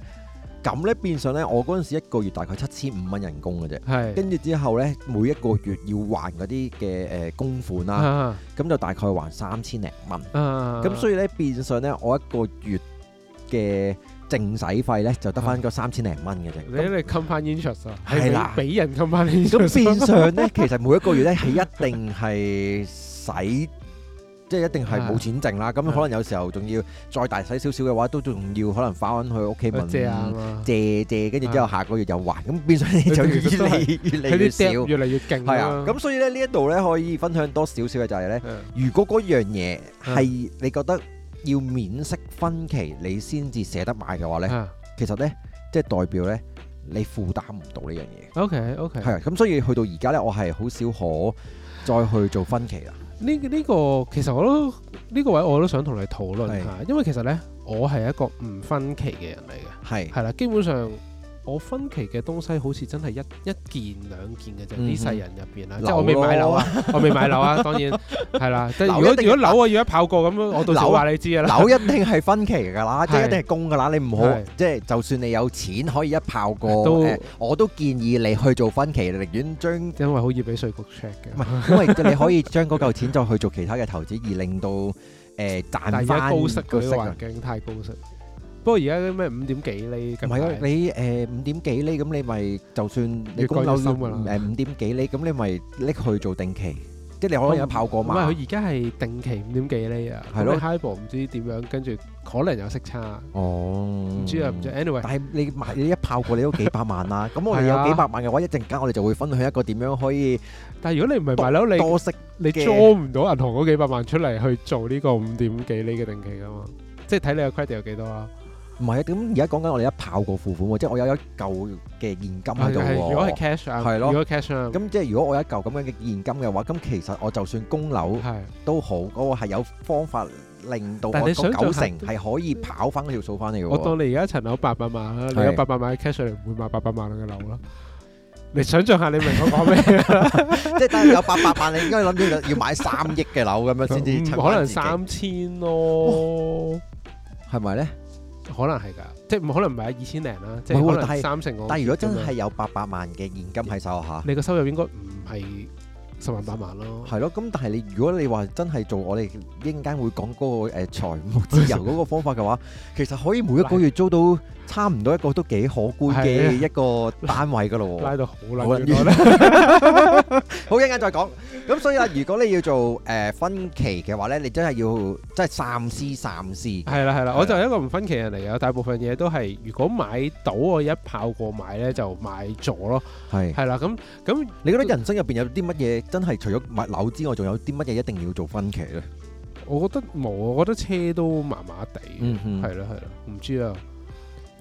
Speaker 2: 咁咧變相咧，我嗰陣時一個月大概七千五蚊人工嘅啫，係跟住之後咧，每一個月要還嗰啲嘅誒供款啦，咁就大概還三千零蚊。
Speaker 1: 咁所以
Speaker 2: 咧變相咧，我一個月嘅淨使費咧就得翻個三千零蚊嘅啫，你
Speaker 1: 因為扣翻 Interest 啊，係啦，
Speaker 2: 俾人扣翻 Interest，咁變相咧，其實每一個月咧係一定係使，即係一定係冇錢剩啦。咁可能有時候仲要再大使少少嘅話，都仲要可能翻返去屋企問借借，跟住之後下個月又還。咁變相你就越嚟越嚟越少，越嚟越勁係啊！咁所以咧，呢一度咧，可以分享多少少嘅就係咧，如果嗰樣嘢係你覺得。要免息分期，你先至捨得買嘅話呢，啊、其實呢，即、就、係、是、代表呢，你負擔唔到呢樣嘢。
Speaker 1: OK OK。係
Speaker 2: 咁所以去到而家呢，我係好少可再去做分期啦。
Speaker 1: 呢呢、這個其實我都呢、這個位我都想同你討論下，是因為其實呢，我係一個唔分期嘅人嚟嘅。係係啦，基本上。我分期嘅東西好似真係一一件兩件嘅啫，呢世人入邊啦，即我未買樓啊，我未買樓啊，當然係啦。如果如果樓我要一炮過咁樣，我到早話你知啊，樓一
Speaker 2: 定係分期㗎啦，即一定係供㗎啦。你唔好，即係就算你有錢可以一炮過，都我都建議你去做分期，寧願將因為好似俾稅局 check 嘅，因為你可以將嗰嚿錢再去做其他嘅投資，而令到誒賺翻高息嘅環
Speaker 1: 境太高息。不過而家啲咩五點幾厘？唔係啊，你
Speaker 2: 誒五點幾厘咁，你咪就算你供樓誒五點幾厘，咁你咪拎去做定期，即係你可能有一泡過嘛。唔係佢而
Speaker 1: 家係定期五點幾厘啊？係咯，highball 唔知點樣，跟住可能有息差。哦，
Speaker 2: 唔知啊，唔知。
Speaker 1: anyway，但係你買你一泡過你都幾百萬啦。咁我哋有幾百
Speaker 2: 萬嘅話，一陣間我哋就會分
Speaker 1: 享一個點樣可以。但係如果你唔係買樓，你多息，你裝唔到銀行嗰幾百萬出嚟去做呢個五點幾厘嘅定期噶嘛？即係睇你個 credit 有幾多啊？唔係啊，咁
Speaker 2: 而家講緊我哋一跑過付款喎，即係我有一嚿嘅現金喺度喎。係係，如果係 cash 啊，係咯，如果 cash 啊，咁即係如果我有一嚿咁樣嘅現金嘅話，咁其實我就算供樓都好，嗰個係有方法令到我九成係可以跑翻嗰條數翻嚟嘅。我當你
Speaker 1: 而家層樓八百萬啦，你有八百萬 cash 嚟，唔會買八百萬嘅樓啦。你想像下，你明我講咩？即係但係有八百萬，你應該諗住要買三億嘅樓咁樣先至。可能三千咯，
Speaker 2: 係咪咧？可能係噶，
Speaker 1: 即係唔可能唔係二千零啦，即係可能三成。我但如果真係
Speaker 2: 有八百萬嘅現金喺手下，你
Speaker 1: 個收入應該唔係十萬八萬
Speaker 2: 咯。係咯，咁但係你如果你話真係做我哋一陣間會講嗰、嗰個誒財、呃、務自由嗰個方法嘅話， 其實可以每一個月租到。差唔多一個都幾可觀嘅一個單位噶咯，拉到好難，好一陣間再講。咁所以啊，如果你要做誒分期嘅話咧，你真係要真係三思三思。
Speaker 1: 係啦係啦，我就係一個唔分期人嚟嘅。大部分嘢都係如果買到我一炮過買咧，就買咗咯。係係啦，咁咁，你覺得人生入邊有啲乜嘢真係除咗買樓之外，仲有啲乜嘢一定要做分期
Speaker 2: 咧？我覺得冇，我覺得車都麻麻地，係咯係咯，唔知啊。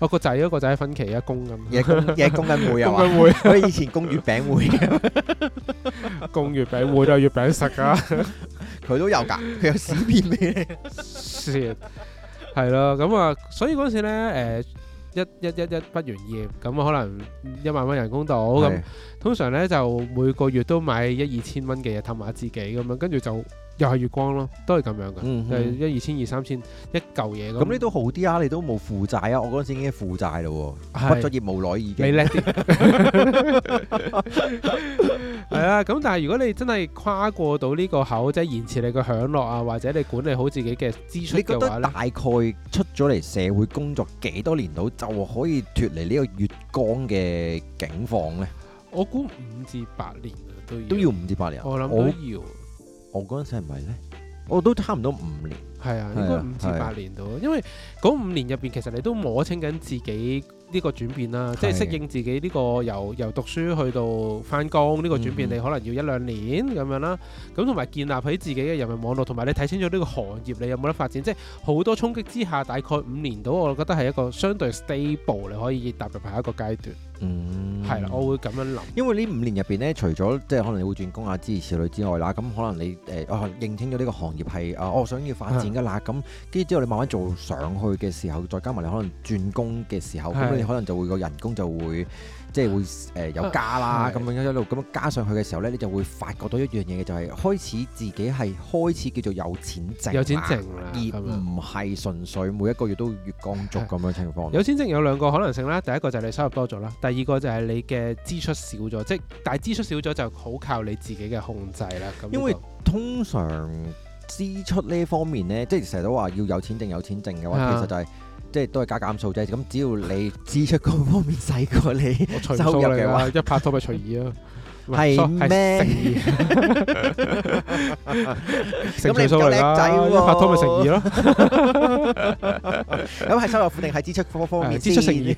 Speaker 1: 我個仔嗰個仔分期一供咁，嘢夜供緊會啊，我以前供月餅會， 供月餅會都有月餅食噶，佢都有噶，佢有便 屎片俾你，算係咯，咁啊，所以嗰陣時咧，誒、呃。一一一一不完業，咁可能一萬蚊人工到，咁通常咧就每個月都買一二千蚊嘅嘢氹下自己咁樣，跟住就又係月光咯，都係咁樣嘅，嗯、哼就一二千二三千一嚿嘢。咁呢都
Speaker 2: 好啲啊，你都冇負債啊，我嗰陣時已經負債啦，的畢咗業無耐已經。你叻啲。
Speaker 1: 係啊，咁但係如果你真係跨過到呢個口，即係延遲你個享樂啊，或者你管理好自己嘅支出嘅話，大概出咗嚟社會工作幾多年度就可以
Speaker 2: 脫離呢個月光嘅境況咧？
Speaker 1: 我估五至八年啊，都都要五至八年。我諗都要。都要，
Speaker 2: 我嗰陣時係咪咧？我都差唔多五
Speaker 1: 年。係啊，應該五至八年度，因為嗰五年入邊，其實你都摸清緊自己。呢個轉變啦，即係適應自己呢個由由讀書去到返工呢個轉變，你可能要一兩年咁、嗯、哼樣啦。咁同埋建立起自己嘅人脈網絡，同埋你睇清楚呢個行業，你有冇得發展？即係好多衝擊之下，大概五年到，我覺得係一個相對 stable，你可以踏入下一個階段。嗯，係啦，我會咁樣諗，
Speaker 2: 因為呢五年入邊呢，除咗即係可能你會轉工啊，諸如此類之外啦，咁可能你誒、呃，認清咗呢個行業係啊、哦，我想要發展噶啦，咁跟住之後你慢慢做上去嘅時候，再加埋你可能轉工嘅時候，咁的你可能就會個人工就會。即係會誒有加啦，咁、啊、樣一路咁加上去嘅時候呢，你就會發覺到一樣嘢嘅，就係、是、開始自己係開始叫做有錢剩，有錢剩而唔係純粹每一個月都月光族咁樣情況。啊、有
Speaker 1: 錢剩有兩個可能性啦，第一個就係你收入多咗啦，第二個就係你嘅支出少咗，即係但係支出少咗就好靠你自己嘅控制啦。因為
Speaker 2: 通常支出呢方面呢，即係成日都話要有錢剩有錢剩嘅話，的其實就係、是。即係都係加減數啫，咁只要你支
Speaker 1: 出嗰方面細過你收入嘅話，一拍拖咪除二咯，係咩？咁你又叻仔喎，拍拖咪乘二咯。咁係收入定係支出方面，支出乘二。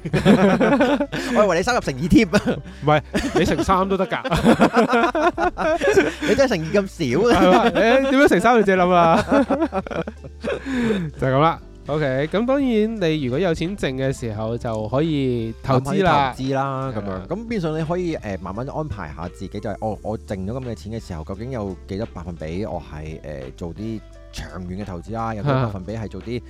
Speaker 1: 我係以為你收入乘二添啊，唔係你乘三都得噶，
Speaker 2: 你真係乘二咁少，你點樣
Speaker 1: 乘三你借諗啦？就係咁啦。O.K. 咁當然，你如果有錢剩嘅時候，就可以投資啦。投資啦，咁樣咁變相你可以誒慢慢安排下自己就係，我我
Speaker 2: 剩咗咁嘅錢嘅時候，究竟有幾多百分比我係誒做啲長遠嘅投資啦？有幾多百分比係做啲？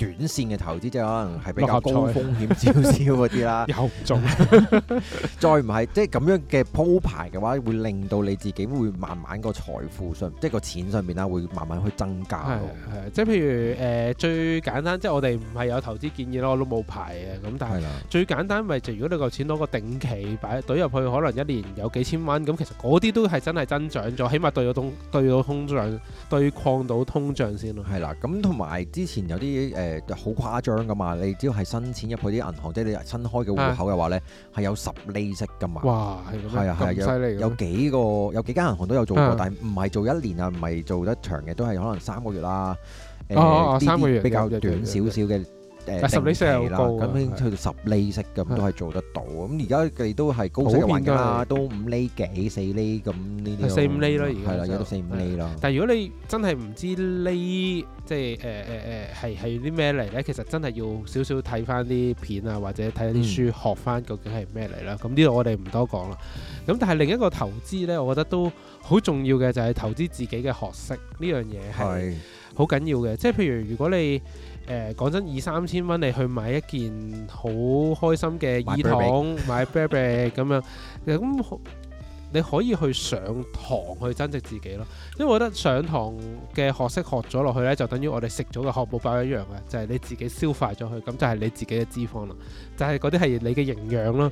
Speaker 2: 短線嘅投資，即係可能係比較高 風險少少嗰啲啦， 又唔中 再，再唔係即係咁樣嘅鋪排嘅話，會令到你自己會慢慢個財富上，即係個錢上面啦，會慢慢去增加咯。係，
Speaker 1: 即係譬如誒、呃、最簡單，即係我哋唔係有投資建議咯，我都冇牌嘅咁，但係最簡單咪就係、如果你錢個錢攞個定期擺一隊入去，可能一年有幾千蚊咁，其實嗰啲都係真係增長咗，起碼對到通到通脹對抗到通脹先咯。係啦，咁
Speaker 2: 同埋之前有啲誒。呃誒好誇張㗎嘛！你只要係新錢入去啲銀行，即係你新開嘅戶口嘅話咧，係有十釐息㗎嘛！哇，係咁樣，啊是，係啊，犀利，有幾個有幾間銀行都有做過，的但係唔係做一年啊，唔係做得長嘅，都係可能三個月啦。哦，三個月比較短少少嘅。呃、十厘息係好高，咁去到十厘息咁都係做得到。咁而家亦都係高息嘅環境啦，都五厘幾、四厘咁
Speaker 1: 呢啲。四五厘咯的，而家係啦，有到四五厘咯。但係如果你真係唔知釐，即係誒誒誒係係啲咩嚟咧？其實真係要少少睇翻啲片啊，或者睇啲書、嗯、學翻究竟係咩嚟啦。咁呢度我哋唔多講啦。咁但係另一個投資咧，我覺得都好重要嘅就係投資自己嘅學識，呢樣嘢係好緊要嘅。即係的譬如譬如，如果你誒講真，二三千蚊你去買一件好開心嘅耳筒，My 買 Burberry 咁樣，咁你可以去上堂去增值自己咯。因為我覺得上堂嘅學識學咗落去呢，就等於我哋食咗嘅漢堡包一樣嘅，就係你自己消化咗佢，咁就係你自己嘅脂肪啦，就係嗰啲係你嘅營養咯。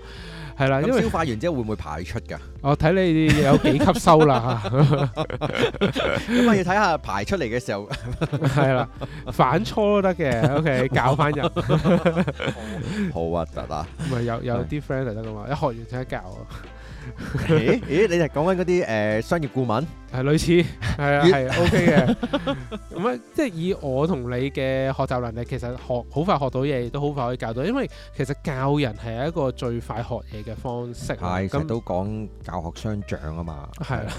Speaker 1: 係啦，咁消化完之後會唔會排出噶？我睇、哦、你有幾吸收啦，咁我要
Speaker 2: 睇下排出嚟嘅時候。係啦，
Speaker 1: 反芻都得嘅，O K 教翻人 、
Speaker 2: 哦。好核突啊！唔係 有有啲
Speaker 1: friend 嚟得噶嘛， 對一學完先一教。咦 咦、欸欸，你係講緊嗰啲誒
Speaker 2: 商業顧問？係類似係啊，係 OK 嘅。咁、
Speaker 1: 嗯、咧，即係以我同你嘅學習能力，其實學好快學到嘢，都好快可以教到。因為其實教人係一個最快學嘢嘅方式。係對，咁那都
Speaker 2: 講教學相長啊嘛。係啦，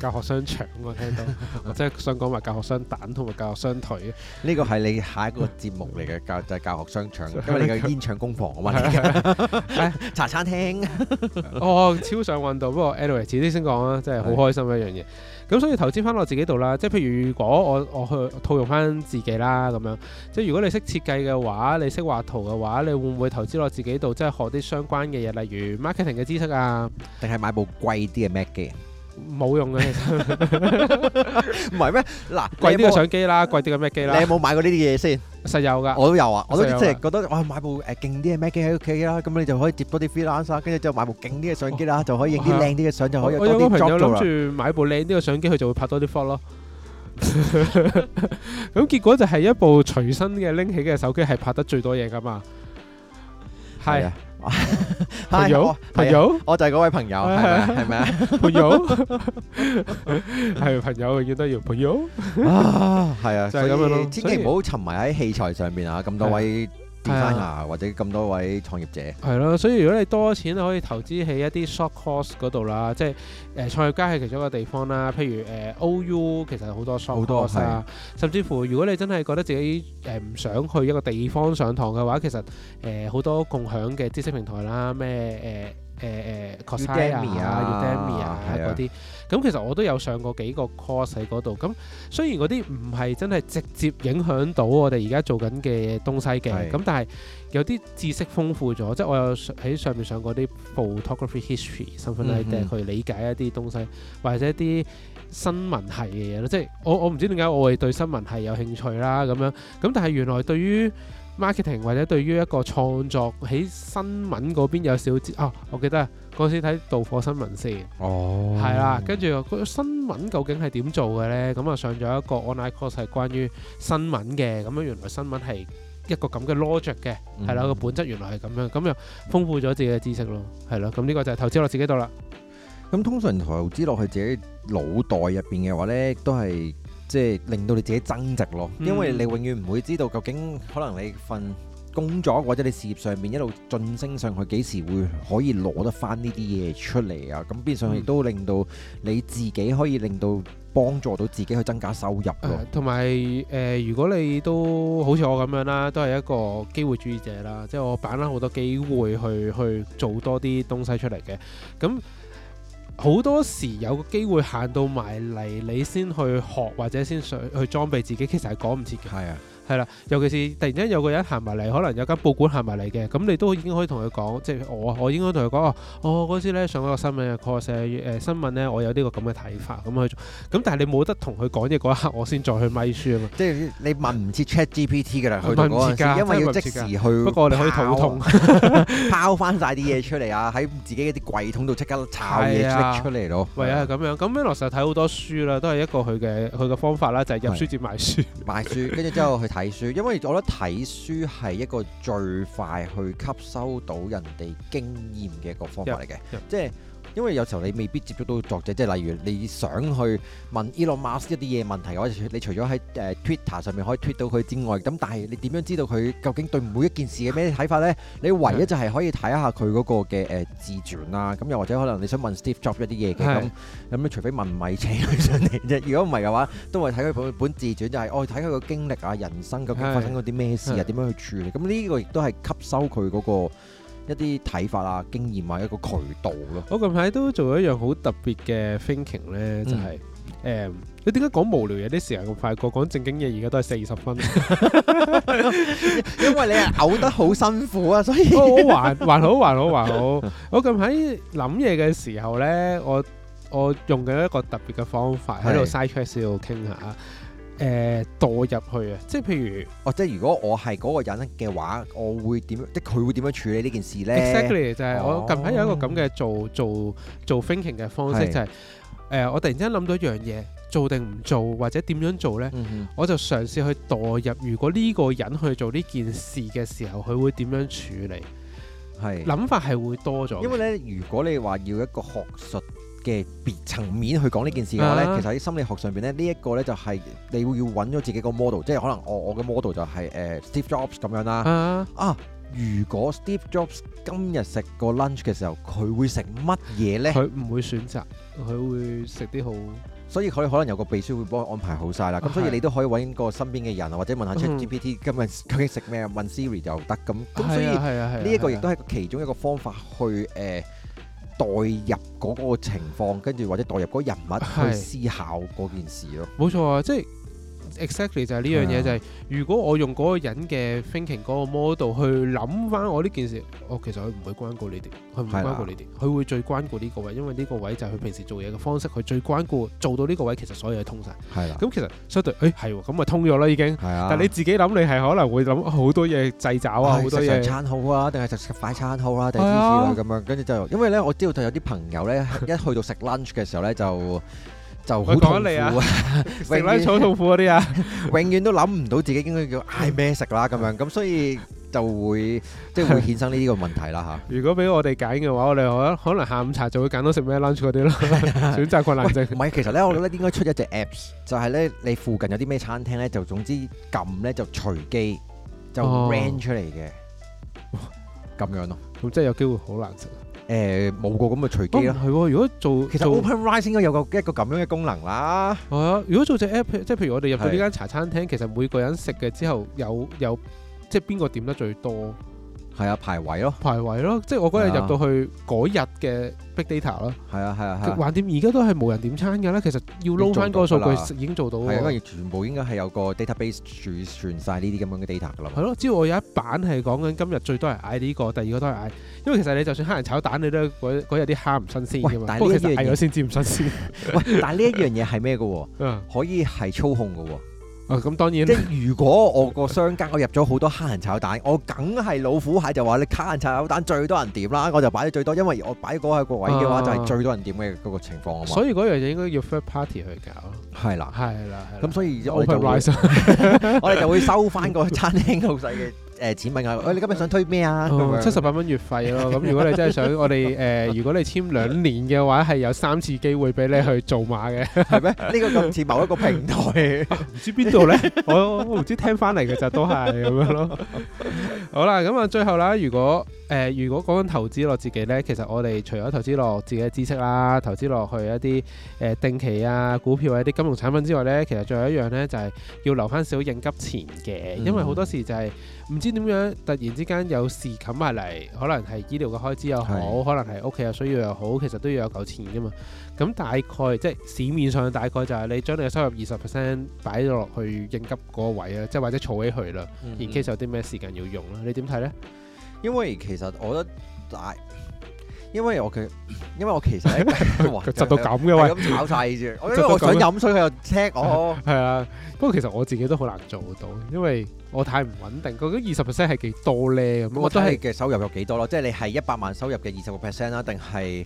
Speaker 1: 教學相長我、啊、聽到。即 真係想講埋教學相蛋同埋教學相腿，
Speaker 2: 呢個係你下一個節目嚟嘅 教就係、是、教學相長，因為你嘅煙腸工房啊嘛。係 茶餐廳。
Speaker 1: 我、 哦、超想運動，不過 anyway，遲啲先講啦。真係好開心一樣。咁所以投資翻我自己度啦，即係譬如如果我我去套用翻自己啦咁樣，即係如果你識設計嘅話，你識畫圖嘅話，你會唔會投資落自己度，即係學啲相關嘅嘢，例如 marketing 嘅知識啊，定係買部貴啲嘅 Mac 機？冇用嘅，其實唔係咩？嗱，貴啲嘅相機啦，貴啲嘅咩機啦。你有冇買過呢啲嘢先？實有噶，我都有啊，我都即係
Speaker 2: 覺得我買部誒勁啲嘅 Mac 機喺屋企啦，咁你就可以接多啲 freelance，跟住就買部勁啲嘅相機啦，就可以影啲靚啲嘅相，就可以多啲 job 做啦。我有朋友諗住
Speaker 1: 買部靚啲嘅相機，佢就會拍多啲 photo 咯。咁結果就係一部隨身嘅拎起嘅手機，係拍得最多嘢噶嘛。係。朋友，Hi，朋友，我就係嗰位朋友，係咪係咪啊？朋友，係朋友叫得要朋友啊，係啊，就係咁樣咯。千祈唔好
Speaker 2: 沉迷喺器材上面啊！咁多位、啊。Designer, 或者咁多位創業者，
Speaker 1: 係咯。所以如果你多錢，可以投資喺一啲 short course 嗰度啦，即係誒創業家係其中一個地方啦。譬如誒、呃、O U 其實好多 short course 啊，甚至乎如果你真係覺得自己誒唔想去一個地方上堂嘅話，其實誒好、呃、多共享嘅知識平台啦，咩誒？呃誒誒、呃、Coursera 啊 Udemy 啊嗰啲，咁其實我都有上過幾個 course 喺嗰度。咁雖然嗰啲唔係真係直接影響到我哋而家做緊嘅東西嘅，咁的但係有啲知識豐富咗，即係我有喺上面上過啲 photography history、something like that，嗯哼、身份 m e t 去理解一啲東西，或者一啲新聞係嘅嘢咯。即係我我唔知點解我會對新聞係有興趣啦。咁樣咁但係原來對於 marketing 或者對於一個創作喺新聞嗰邊有少少啊，我記得嗰時睇《導火新聞線》哦，係啦，跟住個新聞究竟係點做嘅咧？咁啊上咗一個 online course 係關於新聞嘅，咁樣原來新聞係一個咁嘅 logic 嘅，係啦，個本質原來係咁樣，咁又豐富咗自己嘅知識咯，係咯，咁呢個就係投資落自己度啦。咁通常投資落
Speaker 2: 去自己腦袋入邊嘅話咧，都係。即係令到你自己增值咯，因為你永遠唔會知道究竟可能你份工作或者你事業上面一路晉升上去幾時會可以攞得翻呢啲嘢出嚟啊！咁變相亦都令到你自己可以令到幫助到自己去增加收入咯。
Speaker 1: 同埋誒，如果你都好似我咁樣啦，都係一個機會主義者啦，即係我把握好多機會去去做多啲東西出嚟嘅咁。好多時有個機會行到埋嚟，你先去學或者先上去裝備自己，其實係趕唔切嘅。係啊。係啦，尤其是突然間有個人行埋嚟，可能有間報館行埋嚟嘅，咁你都已經可以同佢講，即係我，我應該同佢講啊，我嗰次咧上咗個新聞嘅 course 誒，新聞咧我有呢個咁嘅睇法，咁佢，咁但係你冇得同佢講嘢嗰一刻，我先再去咪書啊嘛，即係你問唔切 ChatGPT 㗎啦，問唔切㗎，因為要即時去。不過我哋可以肚痛
Speaker 2: 拋翻曬啲嘢出嚟啊，喺自己嗰啲櫃桶度即刻炒嘢拎出嚟咯。
Speaker 1: 係啊，咁樣咁 Michael 成日睇好多書啦，都係一個佢嘅佢嘅方法啦，就係入書店買書，買書跟住之後去睇。睇書，因
Speaker 2: 為我覺得睇書係一個最快去吸收到人哋經驗嘅一個方法嚟嘅，即係。因為有時候你未必接觸到作者，即係例如你想去問 Elon Musk 一啲嘢問題，或者你除咗喺誒 Twitter 上面可以 tweet 到佢之外，咁但係你點樣知道佢究竟對每一件事嘅咩睇法咧？你唯一就係可以睇下佢嗰個嘅誒自傳啦。咁又是的 或者可能你想問 Steve Jobs 一啲嘢嘅咁，咁是的 除非問米請佢上嚟啫。如果唔係嘅話，都係睇佢本自傳，就係我睇佢嘅經歷啊、人生究竟發生咗啲咩事啊、點是的 樣去處理。咁呢是的 個亦都係吸收佢嗰、那個。一啲睇法啊、經驗啊，一個渠道咯。
Speaker 1: 我近排都做一樣好特別嘅 thinking 咧，就係、是、誒、嗯欸，你點解講無聊嘢啲時間咁快過講正經嘢？而家都係四十分， 因為你係嘔得好辛苦啊，所以我、哦、還好還好還好。還好還好 我近排諗嘢嘅時候咧，我我用緊一個特別嘅方法喺度 side track 度傾下。誒墮、呃、入去啊！
Speaker 2: 即係譬如，或者、哦、如果我係嗰個人嘅話，我會點？即係佢會點樣處理呢件事呢？Exactly、哦、就係我近排有一個咁
Speaker 1: 嘅做做做 thinking 嘅方式，是就係、是呃、我突然之間諗到一樣嘢，做定唔做或者點樣做呢？嗯、哼我就嘗試去墮入，如果呢個人去做呢件事嘅時候，佢會點樣處理？係諗是法係會多咗，因為呢，如果你話要一個學術。嘅別層
Speaker 2: 面去講呢件事嘅話咧，uh huh. 其實喺心理學上邊咧，呢、這、一個咧就係你會要要揾咗自己個 model，即係可能我我嘅 model 就係、是、誒、呃、Steve Jobs 咁樣啦。Uh huh. 啊，如果 Steve Jobs 今日食個 lunch 嘅時候，佢會食乜嘢咧？佢唔會選擇，佢會食啲好。所以佢可能有個秘書會幫佢安排好晒啦。咁、uh huh. 所以你都可以揾個身邊嘅人，或者問下 ChatGPT 今日究竟食咩啊？問 Siri 就得咁。咁、huh. 所以呢一個亦都係其中一個方法去誒。呃代入嗰個情況，跟住或者代入嗰人物去思考嗰件事囉，
Speaker 1: 冇錯啊，即係。exactly，就係呢樣嘢，就係如果我用嗰個人嘅 thinking 嗰個 model 去諗翻我呢件事，我其實佢唔會關顧你哋，佢唔關顧你哋，佢會最關顧呢個位，因為呢個位就係佢平時做嘢嘅方式，佢最關顧做到呢個位，其實所有都通曬。係啦，咁其實 so that，哎係喎，咁咪通咗啦已經。係啊。但係你自己諗，你係可能會諗好多嘢掣肘啊，好多嘢。餐
Speaker 2: 好啊，定係食快餐好啦，定係點點咁樣？跟住就因為咧，我知道就有啲朋友咧，一去到食 lunch 嘅時候咧就。就好痛苦你啊！食 lunch 痛苦嗰啲啊， 永遠都諗唔到自己應該叫嗌咩食啦，咁樣咁所以就會即係、就是、會衍生呢啲咁嘅問題啦
Speaker 1: 吓。 如果俾我哋揀嘅話，我哋可能下午茶就會揀到食咩 lunch 嗰啲咯， 選擇困難症。唔係， 其實咧，我覺得應該出一隻 apps, 就係咧你附近有啲咩餐廳咧，就總之
Speaker 2: 撳咧就隨機就 ran 出嚟嘅，咁、哦、樣咯。咁、哦、即係有機會好難食。誒冇個咁嘅隨機咯，係、哦、如果做其實 OpenRice 應該有個一個咁樣嘅功能啦。
Speaker 1: 係啊，如果做隻 app，即係譬如我哋入到呢間茶餐廳，的其實每個人食嘅之後有有，即係邊個點得最多？係啊，排位咯，排位咯，即係我嗰日入到去嗰日嘅 big data 咯。係啊，係啊，係、啊。橫掂而家都係冇人點餐㗎啦，其實要 load 翻個數據已經做到。係啊，因
Speaker 2: 全部應該係有個 database 儲存曬呢啲咁樣嘅 data 㗎啦。
Speaker 1: 係咯，只要、啊、我有一版係講緊今日最多人嗌呢個，第二個都係嗌。因為其實你就算蝦仁炒蛋，你都嗰日啲蝦唔新鮮。但係呢樣嘢係我先知唔新鮮。喂，但係
Speaker 2: 呢一樣嘢係咩嘅？嗯，可以係操控㗎喎。咁、哦嗯、當然，即係如果我個商家 我入咗好多蝦仁炒蛋，我梗係老虎蟹就話你蝦仁炒蛋最多人點啦，我就擺得最多，因為我擺嗰個位嘅話就係最多人點嘅嗰個情況啊嘛。嗯、所
Speaker 1: 以嗰樣嘢應該要 third party 去搞。係啦，係啦，咁、嗯、啦所以我哋就會我， 我就會收翻個
Speaker 2: 餐廳老細嘅。
Speaker 1: 誒、呃，錢問我喂、哎，
Speaker 2: 你今日想推咩啊？Oh, okay. 七十
Speaker 1: 八蚊月費咯，咁 如果你真係想我，我哋誒，如果你簽兩年嘅話，係有三次機會俾你去做馬嘅，係 咩嗎？呢 個咁似某一個平台，唔、 啊、知邊度呢？ 我我唔知聽翻嚟嘅就都係咁樣咯。 好啦，咁啊，最後啦，如果。誒、呃，如果講緊投資落自己呢，其實我哋除咗投資落自己嘅知識啦，投資落去一啲誒、呃、定期啊、股票或啲金融產品之外呢，其實仲有一樣呢，就係、是、要留翻少少應急錢嘅，嗯、因為好多時就係、是、唔知點樣突然之間有事冚埋嚟，可能係醫療嘅開支又好，是可能係屋企有需要又好，其實都要有嚿錢嘅嘛。咁大概即係市面上大概就係你將你嘅收入二十 percent 擺咗落去應急嗰個位啊，即係或者儲起佢啦，然之後有啲咩時間要用啦？你點睇呢？
Speaker 2: 因為其實我覺得大、啊，
Speaker 1: 因為我其實因為我其實佢執到咁嘅喂炒曬啫， 因為我想飲水，佢又 check 我係啊。不過其實我自己都好難做到，因為我太唔穩定。究竟二十 percent 係幾多咧？咁、嗯、我都係嘅收入有幾多咯？ 即係你
Speaker 2: 係一百萬收入嘅二十個 percent 啦，定、啊、係？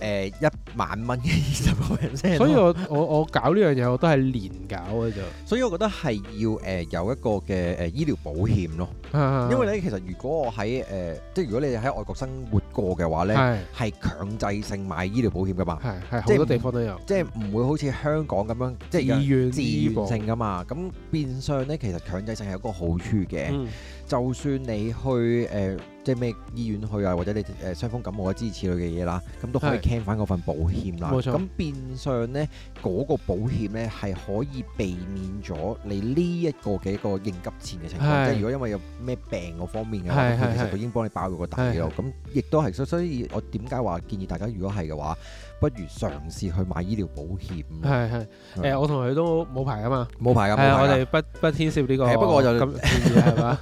Speaker 2: 誒一萬蚊嘅二十 percent，所以我 我我搞呢樣嘢我都係連搞嘅就，所以我覺得係要誒、呃、有一個嘅誒、呃、醫療保險咯，
Speaker 1: 是是是因為咧，其
Speaker 2: 實如果我喺誒、呃、即係如果你哋喺外國生活過嘅話咧，係是強制性買醫療保險噶嘛，係好多地方都有，即係不唔會好似香港咁樣即係自，願 自願性噶嘛，咁變相咧，其實強制性係一個好處嘅。嗯就算你去誒、呃，即係咩醫院去啊，或者你誒傷、呃、風感冒之類嘅嘢啦，咁都可以 claim 翻嗰份保險啦。咁冇錯 變相呢，嗰、嗰個保險呢係可以避免咗你呢一個嘅一個應急錢嘅情況。對即係如果因為有咩病嗰方面嘅話，對其實佢已經幫你包咗個大嘅。咁亦都係，所所以，我點解話建議大家，如果係嘅話。不如嘗試去買醫療保
Speaker 1: 險。係係，誒我同佢都冇牌啊嘛，冇牌㗎。係啊，我哋不不牽涉呢個。係不過我就建議係嘛。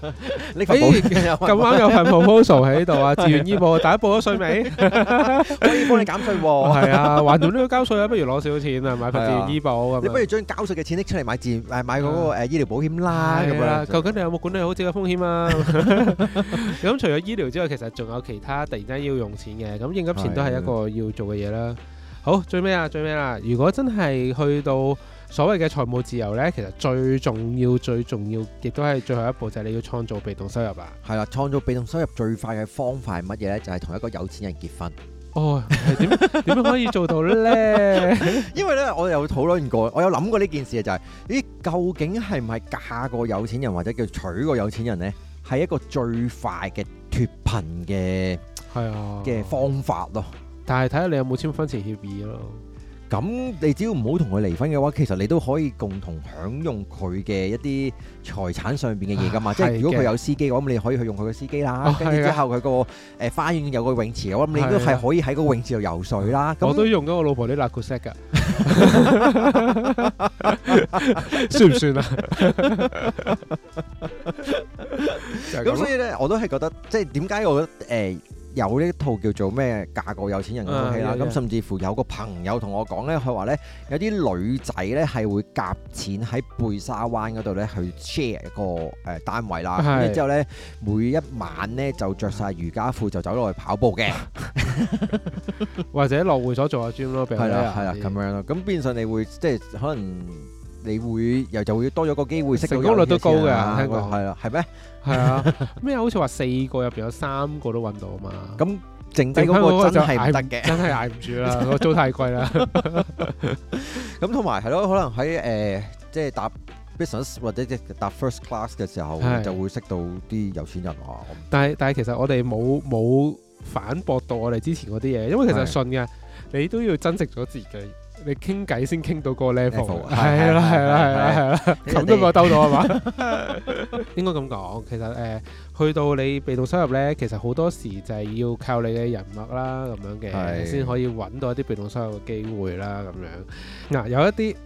Speaker 1: 你份保，咁啱有份 proposal 喺度啊！自願醫保，大家報咗稅未？可
Speaker 2: 以幫你減稅喎。係啊，還仲
Speaker 1: 都要交稅啊，不如攞少少錢啊，買份自願醫保咁。你不如將交稅嘅錢拎出嚟買自誒買個嗰個誒醫療保險啦咁樣。究竟你有冇管理好自己嘅風險啊？咁除咗醫療之外，其實仲有其他突然間要用錢嘅，咁應急錢都係一個要做嘅嘢啦。好最尾啊，最尾啦！如果真係去到所謂嘅財務自由呢，其實最重要、最重要亦都係最後一步，就係你要創造被動收入啊。係啦，創造被動收入最快嘅方法係乜嘢呢？就係、
Speaker 2: 是、同一個有錢人結婚。
Speaker 1: 哦，點點樣， 樣可以做到呢？
Speaker 2: 因為呢，我有討論過，我有諗過呢件事就係、是、咦，究竟係唔係嫁個有錢人或者叫娶個有錢人呢？係一個最快嘅脫貧嘅
Speaker 1: 係啊嘅
Speaker 2: 方法咯。但係睇下你有冇簽婚前協議咯。咁你只要唔好同佢離婚嘅話，其實你都可以共同享用佢嘅一啲財產上邊嘅嘢噶嘛。即係如果佢有司機嘅話，我諗你可以去用佢嘅司機啦。跟住、哦、之後佢個誒花園有個泳池嘅話，我諗你都係可以喺嗰個泳池度游水啦。我都用緊我老婆啲 luxe 嘅， 算唔算啊？咁所以咧，我都係覺得，即係點解我覺得誒？有呢一套叫做咩嫁個有錢人嘅套戲啦，咁、啊嗯、甚至乎有個朋友同我講咧，佢話咧有啲女仔咧係會夾錢喺貝沙灣嗰度咧去 share 一個誒單位啦，跟住之後咧每一晚咧就着晒瑜伽褲就走落去跑步嘅，或者落會所做下 gym 咯，係啦係啦咁樣咯，咁變相你會即係可能。你會又就會多咗個機會識到啲人，成功率都高嘅，聽過係
Speaker 1: 啦，係咩？係啊，咩好似話四個入邊有三個都揾到啊嘛。咁剩低嗰個真係唔得嘅，真係捱唔住啦，個租太貴啦。
Speaker 2: 咁同埋係咯，可能喺誒即係搭 business 或者即係搭 first class 嘅時候，就會識到啲有錢人。
Speaker 1: 但係但係，其實我哋冇冇反駁到我哋之前嗰啲嘢，因為其實信嘅，你都要增值咗自己。你傾偈先傾到嗰個 level，係啦係啦係啦係啦，咁都俾我兜到係嘛？應該咁講。其實誒，去到你被動收入咧，其實好多時就係要靠你嘅人脈啦，咁樣嘅先可以揾到一啲被動收入嘅機會啦，咁樣。嗱，有一啲，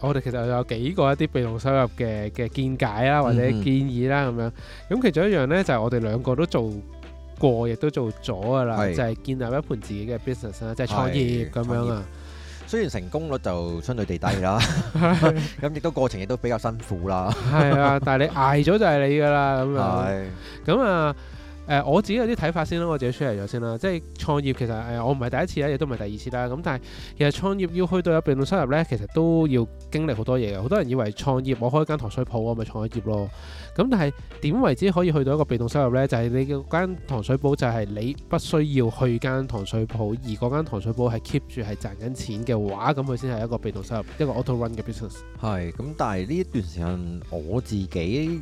Speaker 1: 我哋其實有幾個一啲被動收入嘅嘅見解啦，或者建議啦，咁樣。咁其中一樣咧，就係我哋兩個都做過，亦都做咗噶啦，就係建立一盤自己嘅 business 啦，即係創業咁樣啊。
Speaker 2: 雖然成功率就相對地低
Speaker 1: 啦，咁亦都過程亦都比較辛苦啦。係啊，但係你捱咗就係你㗎喇，咁樣。咁、嗯、啊。是嗯嗯誒、呃、我自己有啲睇法先啦，我自己 share 咗先啦。即係創業其實誒、呃，我唔係第一次啦，亦都唔係第二次啦。咁但係其實創業要去到有被動收入呢，其實都要經歷好多嘢嘅。好多人以為創業我開間糖水鋪我咪創業咯。咁但係點為之可以去到一個被動收入呢？就係、是、你個間糖水鋪就係你不需要去間糖水鋪，而嗰間糖水鋪係 keep 住係賺緊錢嘅話，咁佢先係一個被動收入，一個 auto run 嘅 business。
Speaker 2: 係。咁但係呢一段時間我自己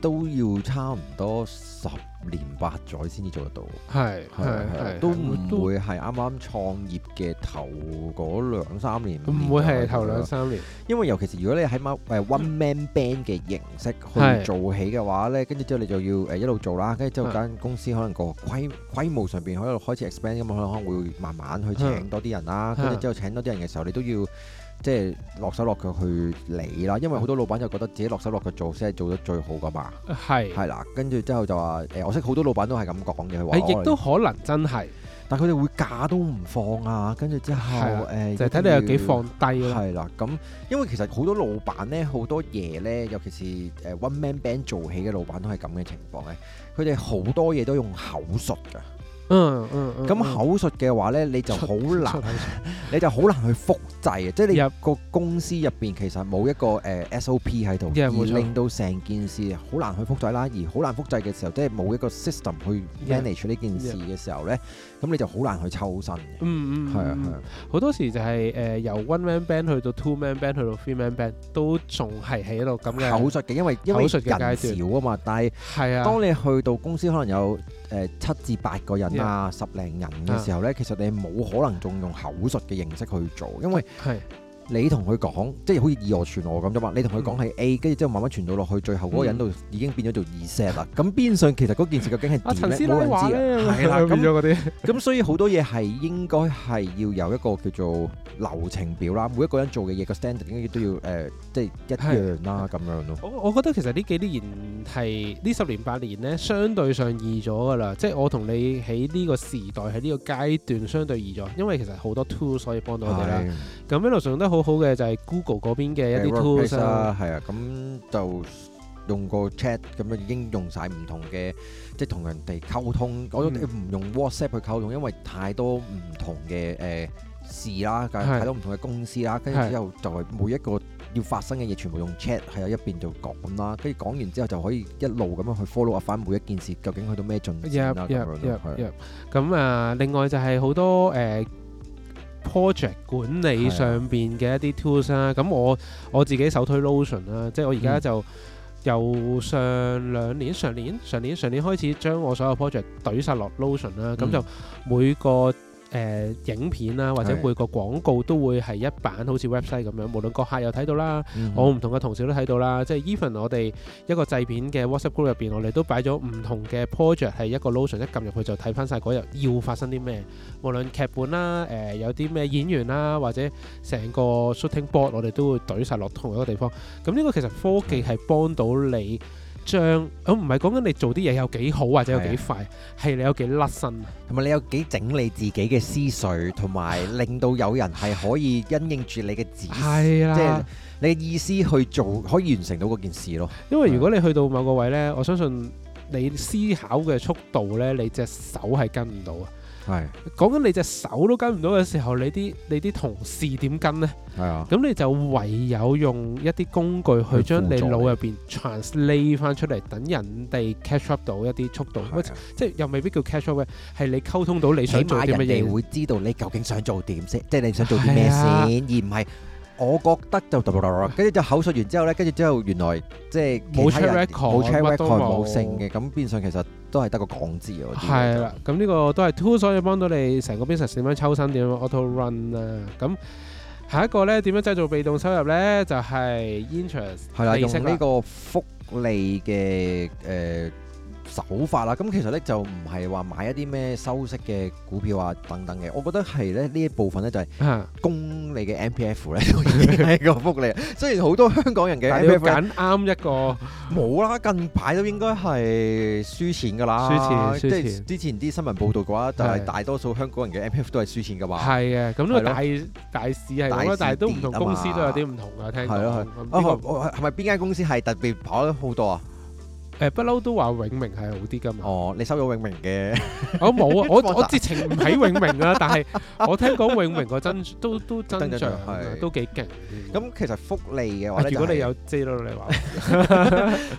Speaker 2: 都要差唔多十年八載先至做得到，係係係，都唔會係啱啱創業嘅頭嗰兩三年，唔會係頭兩三年。因為尤其是如果你喺乜誒 one man band 嘅形式去做起嘅話咧，跟住之後你就要誒一路做啦，跟住之後間公司可能個規規模上邊喺度開始 expand 咁，可能會慢慢去請多啲人啦。跟住之後請多啲人嘅時候，你都要。即係落手落腳去理啦，因為好多老闆就覺得自己落手落腳做先係做得最好噶嘛。
Speaker 1: 係是。係
Speaker 2: 啦，跟住之後就話誒，我識好多老闆都係咁講嘅話。誒，亦都可能真係，但係佢哋會假都唔放啊，跟住之後誒的、呃、就睇你有幾放低咯。係啦，咁因為其實好多老闆咧，好多嘢咧，尤其是誒 one man band 做起嘅老闆都係咁嘅情況咧，佢哋好多嘢都用口述㗎。
Speaker 1: 嗯嗯嗯，咁、uh, uh, uh, uh. 口
Speaker 2: 述嘅話咧，你就好難， 你就好難去複製啊！Yep. 即係你個公司入邊其實冇一個誒 SOP 喺度，uh, SO、Yep. 而令到成件事好難去複製啦，而好難複製嘅時候，即係冇一個 system 去 manage 呢件事嘅時候咧。Yep. Yep. 呢咁你就好難去抽身嘅，嗯嗯，係啊係啊，好、嗯
Speaker 1: 啊、多時就係、是、誒、呃、由 one man band 去到 two man band 去到 three man band 都仲係喺度咁口述嘅，因為口述因為人少
Speaker 2: 啊嘛，但係係啊，當你去到公司可能有誒七至八個人啊，啊十零人嘅時候咧，其實你冇可能仲用口述嘅形式去做，因為係。你同佢講，即係好似以訛傳訛咁啫嘛。你同佢講係 A，跟住之後慢慢傳到落去，最後嗰個人度已經變咗做二 set 啦。咁變相其實嗰件事究竟係屌冇人知啊，係啦。咁變咗嗰啲，咁所以好多嘢係應該係要有一個叫做流程表啦。每一個人做嘅嘢個 standard 應該都要誒，即係一樣啦咁樣咯。
Speaker 1: 我我覺得其實呢幾年係呢十年八年咧，相對上易咗噶啦。即係我同你喺呢個時代喺呢個階段相對易咗，因為其實好多 tool 可以幫到我哋啦。咁一路上都好。好好嘅就係 Google 嗰邊嘅一啲 tools 啦，
Speaker 2: 係啊，咁就用個 chat 咁樣已經用曬唔同嘅，即係同人哋溝通。我都唔用 WhatsApp 去溝通，因為太多唔同嘅誒事啦，跟住太多唔同嘅公司啦，跟住之後就係每一個要發生嘅嘢，全部用 chat 喺一邊就講啦，跟住講完之後就可以一路咁樣去 follow up 翻每一件事究竟去到咩進展啦咁樣。係
Speaker 1: 咁啊，另外就係好多誒。project 管理上邊嘅一啲 tools 啦，咁我我自己首推 Notion 啦，即係我而家就由上兩年、上年、上年、上年開始將我所有 project 堆晒落 Notion 啦，咁就每個。誒、呃、影片啦、啊，或者每個廣告都會係一版，的好似 website 咁樣。無論個客又睇到啦，嗯、哼我唔同嘅同事都睇到啦。即係 even 我哋一個製片嘅 WhatsApp group 入邊，我哋都擺咗唔同嘅 project 係一個 location 一撳入去就睇翻晒嗰日要發生啲咩。無論劇本啦、啊，誒、呃、有啲咩演員啦、啊，或者成個 shooting board，我哋都會懟晒落同一個地方。咁呢個其實科技係幫到你。將我唔係講緊你做啲嘢有幾好或者有幾快，係、啊、你有幾甩身同
Speaker 2: 埋你有幾整理自己嘅思緒，同埋令到有人係可以因應住你
Speaker 1: 嘅指示，即係 你嘅意思去做，可以完成到嗰件事咯。因為如果你去到某個位呢，我相信你思考嘅速度呢，你隻手係跟唔到啊。係講緊你隻手都跟唔到嘅時候，你啲你啲同事點跟呢？係啊的，咁你就唯有用一啲工具去將你腦入邊 translate 翻出嚟，等人哋 catch up 到一啲速度。的即係又未必叫 catch up 嘅，係你溝通到你想做點嘅嘢，會
Speaker 2: 知道你究竟想做點先，即係你想做啲咩先，的而唔係。我覺得就噠噠噠噠，跟住就口述完之後咧，跟住之後原來即係冇 check record，冇 check record，冇剩嘅，咁變相其實都係得個講字喎。
Speaker 1: 係啦，咁呢個都係 two 所以幫到你成個 business 點樣抽身，點樣 auto run 啦。咁下一個咧，點樣製造被動收入咧？就係、是、interest，利息啦。用呢個
Speaker 2: 福利嘅誒。呃手法啦，咁其實咧就唔係話買一啲咩收息嘅股票啊等等嘅，我覺得係咧呢一部分咧就係供你嘅 M P F 咧都已經係個福利。雖然好多香港人嘅要揀啱一個，冇啦，近排都應該係輸錢㗎啦。輸錢，即係之前啲新聞報道嘅話，就係大多數香港人嘅 M P F 都係輸錢嘅話。係啊，咁呢個大大市係啦，但係都唔同公司都有啲唔
Speaker 1: 同嘅。聽下。係啊，係啊。
Speaker 2: 啊，係咪邊間公司係特別跑得好多啊？
Speaker 1: 誒不嬲都話永明係好啲噶嘛？哦，你收咗永明嘅？ 我冇啊，我我直情唔喺永明啦，但係我聽講永明個真都都真係，都幾勁。咁、嗯、其實福利嘅話如果你有知道你話，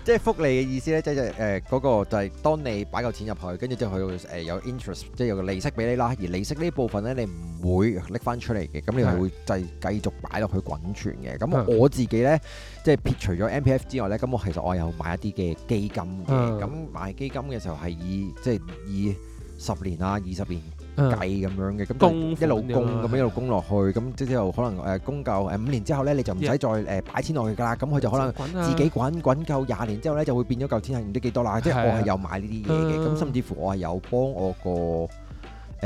Speaker 1: 即係福
Speaker 2: 利嘅意思咧，即係誒嗰個就係、是呃就是、當你擺夠錢入去，跟住之後佢誒有 interest，即係有個利息俾你啦。而利息呢部分咧，你唔會拎翻出嚟嘅，咁你係會就係繼續擺落去滾存嘅。咁我自己咧。嗯即係撇除咗 MPF 之外咧，咁我其實我有買一啲嘅基金嘅，咁買基金嘅時候係以即係以十年啊、二十年計咁樣嘅，咁一路供咁一路供落去，咁即係又可能誒供夠誒五年之後咧，你就唔使再誒擺錢落去㗎啦，咁佢就可能自己滾滾夠廿年之後咧，就會變咗嚿錢係唔知幾多啦。即係我係有買呢啲嘢嘅，咁甚至乎我係有幫我個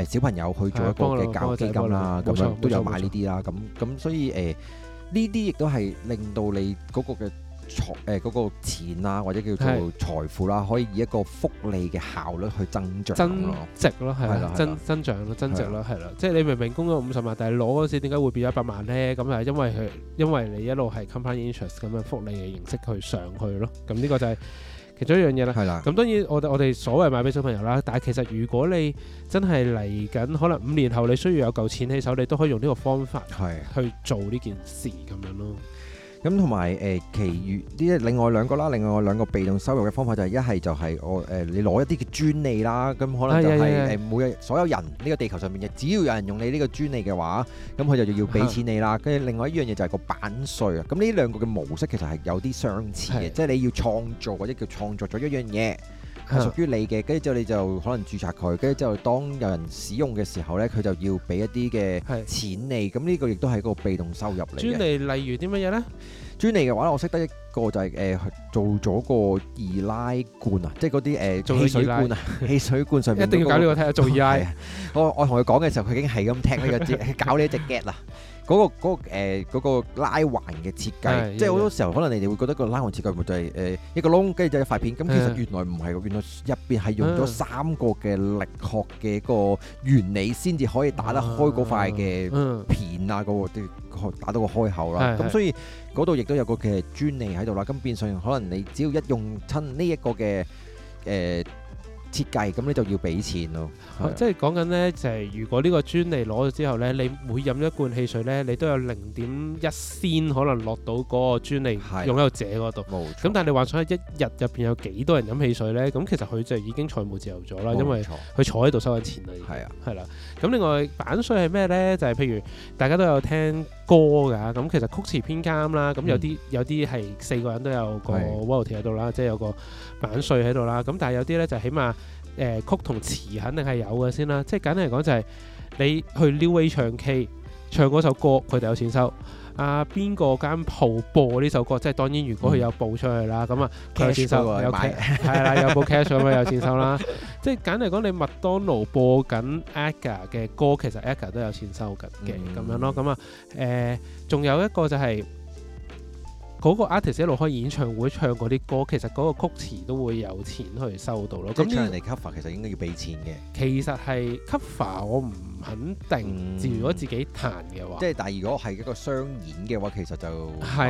Speaker 2: 誒小朋友去做一個嘅教育基金啦，咁樣都有買呢啲啦。咁咁所以誒。呢啲亦都係令到你嗰個嘅財誒嗰個錢啊，或者叫做財富啦，的可以以一個複利嘅效率去增長、增值咯，係的的增增長咯、增值咯，係啦。
Speaker 1: 即係你明明供咗五十萬，但係攞嗰時點解會變一百萬咧？咁係因為佢因為你一路係 compound interest 咁嘅複利嘅形式去上去咯。咁呢個就係、是。其中一樣嘢啦，咁的當然我我哋所謂買俾小朋友啦，但係其實如果你真係嚟緊，可能五年後你需要有嚿錢喺手，你都可以用呢個方法去做呢件事咁樣咯。
Speaker 2: 咁同埋誒，其餘呢另外兩個啦，另外兩個被動收入嘅方法就係一係就係我誒、呃，你攞一啲嘅專利啦，咁可能就係誒，每日 所有人呢、呢個地球上面嘅，只要有人用你呢個專利嘅話，咁佢就要要俾錢你啦。跟住 另外一樣嘢就係個版稅啊。咁呢兩個嘅模式其實係有啲相似嘅，即係 你要創造或者叫創作咗一樣嘢。係屬於你嘅，跟住之後你就可能註冊佢，跟住之後當有人使用嘅時候咧，佢就要俾一啲嘅錢你。咁呢個亦都係一個被動收入嚟嘅。專
Speaker 1: 利例如啲乜嘢咧？
Speaker 2: 專利嘅話我識得一個就係、是、誒、呃、做咗個易拉罐啊，即係嗰啲誒汽水罐啊，汽水罐上面 一定要搞呢、這個踢做易拉。我我同佢講嘅時候，佢已經係咁踢呢個字， 搞呢隻 get 啦。嗰、那個嗰、那個呃那個拉環嘅設計，的即係好多時候可能你哋會覺得個拉環設計咪就係、是、誒、呃、一個窿跟住就一塊片，咁其實原來唔係，原來入邊係用咗三個嘅力學嘅個原理先至可以打得開嗰塊嘅片啊，嗰、嗯嗯那個啲打到個開口啦。咁的所以嗰度亦都有個嘅專利喺度啦。咁變相可能你只要一用親呢一個嘅誒。呃設計咁呢就要俾錢咯，啊啊、即
Speaker 1: 係講緊呢，就係、是、如果呢個專利攞咗之後呢，你每飲一罐汽水呢，你都有零點一仙可能落到嗰個專利擁有者嗰度。冇、啊。咁但係你幻想一一日入邊有幾多人飲汽水呢？咁其實佢就已經財務自由咗啦，錯因為佢坐喺度收緊錢啦。係啊，係啦、啊。咁、啊、另外版稅係咩呢？就係、是、譬如大家都有聽歌㗎，咁其實曲詞編監啦，咁有啲、嗯、有啲係四個人都有個 v o 喺度啦，即係的有個版稅喺度啦。咁但係有啲呢，就起碼誒曲同詞肯定係有嘅先啦，即、就、係、是、簡單嚟講就係、是、你去 Neway 唱 K 唱嗰首歌，佢就有錢收。啊邊個間鋪播呢首歌？即係當然如果佢有播出去啦，咁啊有錢收，有 c 係有的啦，有部 cash 咁啊有錢收啦。即係 簡單嚟講，你麥當勞播緊 AGA 嘅歌，其實 AGA 都有錢收嘅咁、嗯、樣咯。咁啊誒，仲有一個就係、是。嗰個 artist 一路開演唱會唱嗰啲歌，其實嗰個曲詞都會有錢去收到咯。咁唱人哋 cover 其實應該要俾錢嘅。其實係 cover，我唔肯定。如果、嗯、自己彈嘅話，即係但係如果係一個商演
Speaker 2: 嘅話，其實就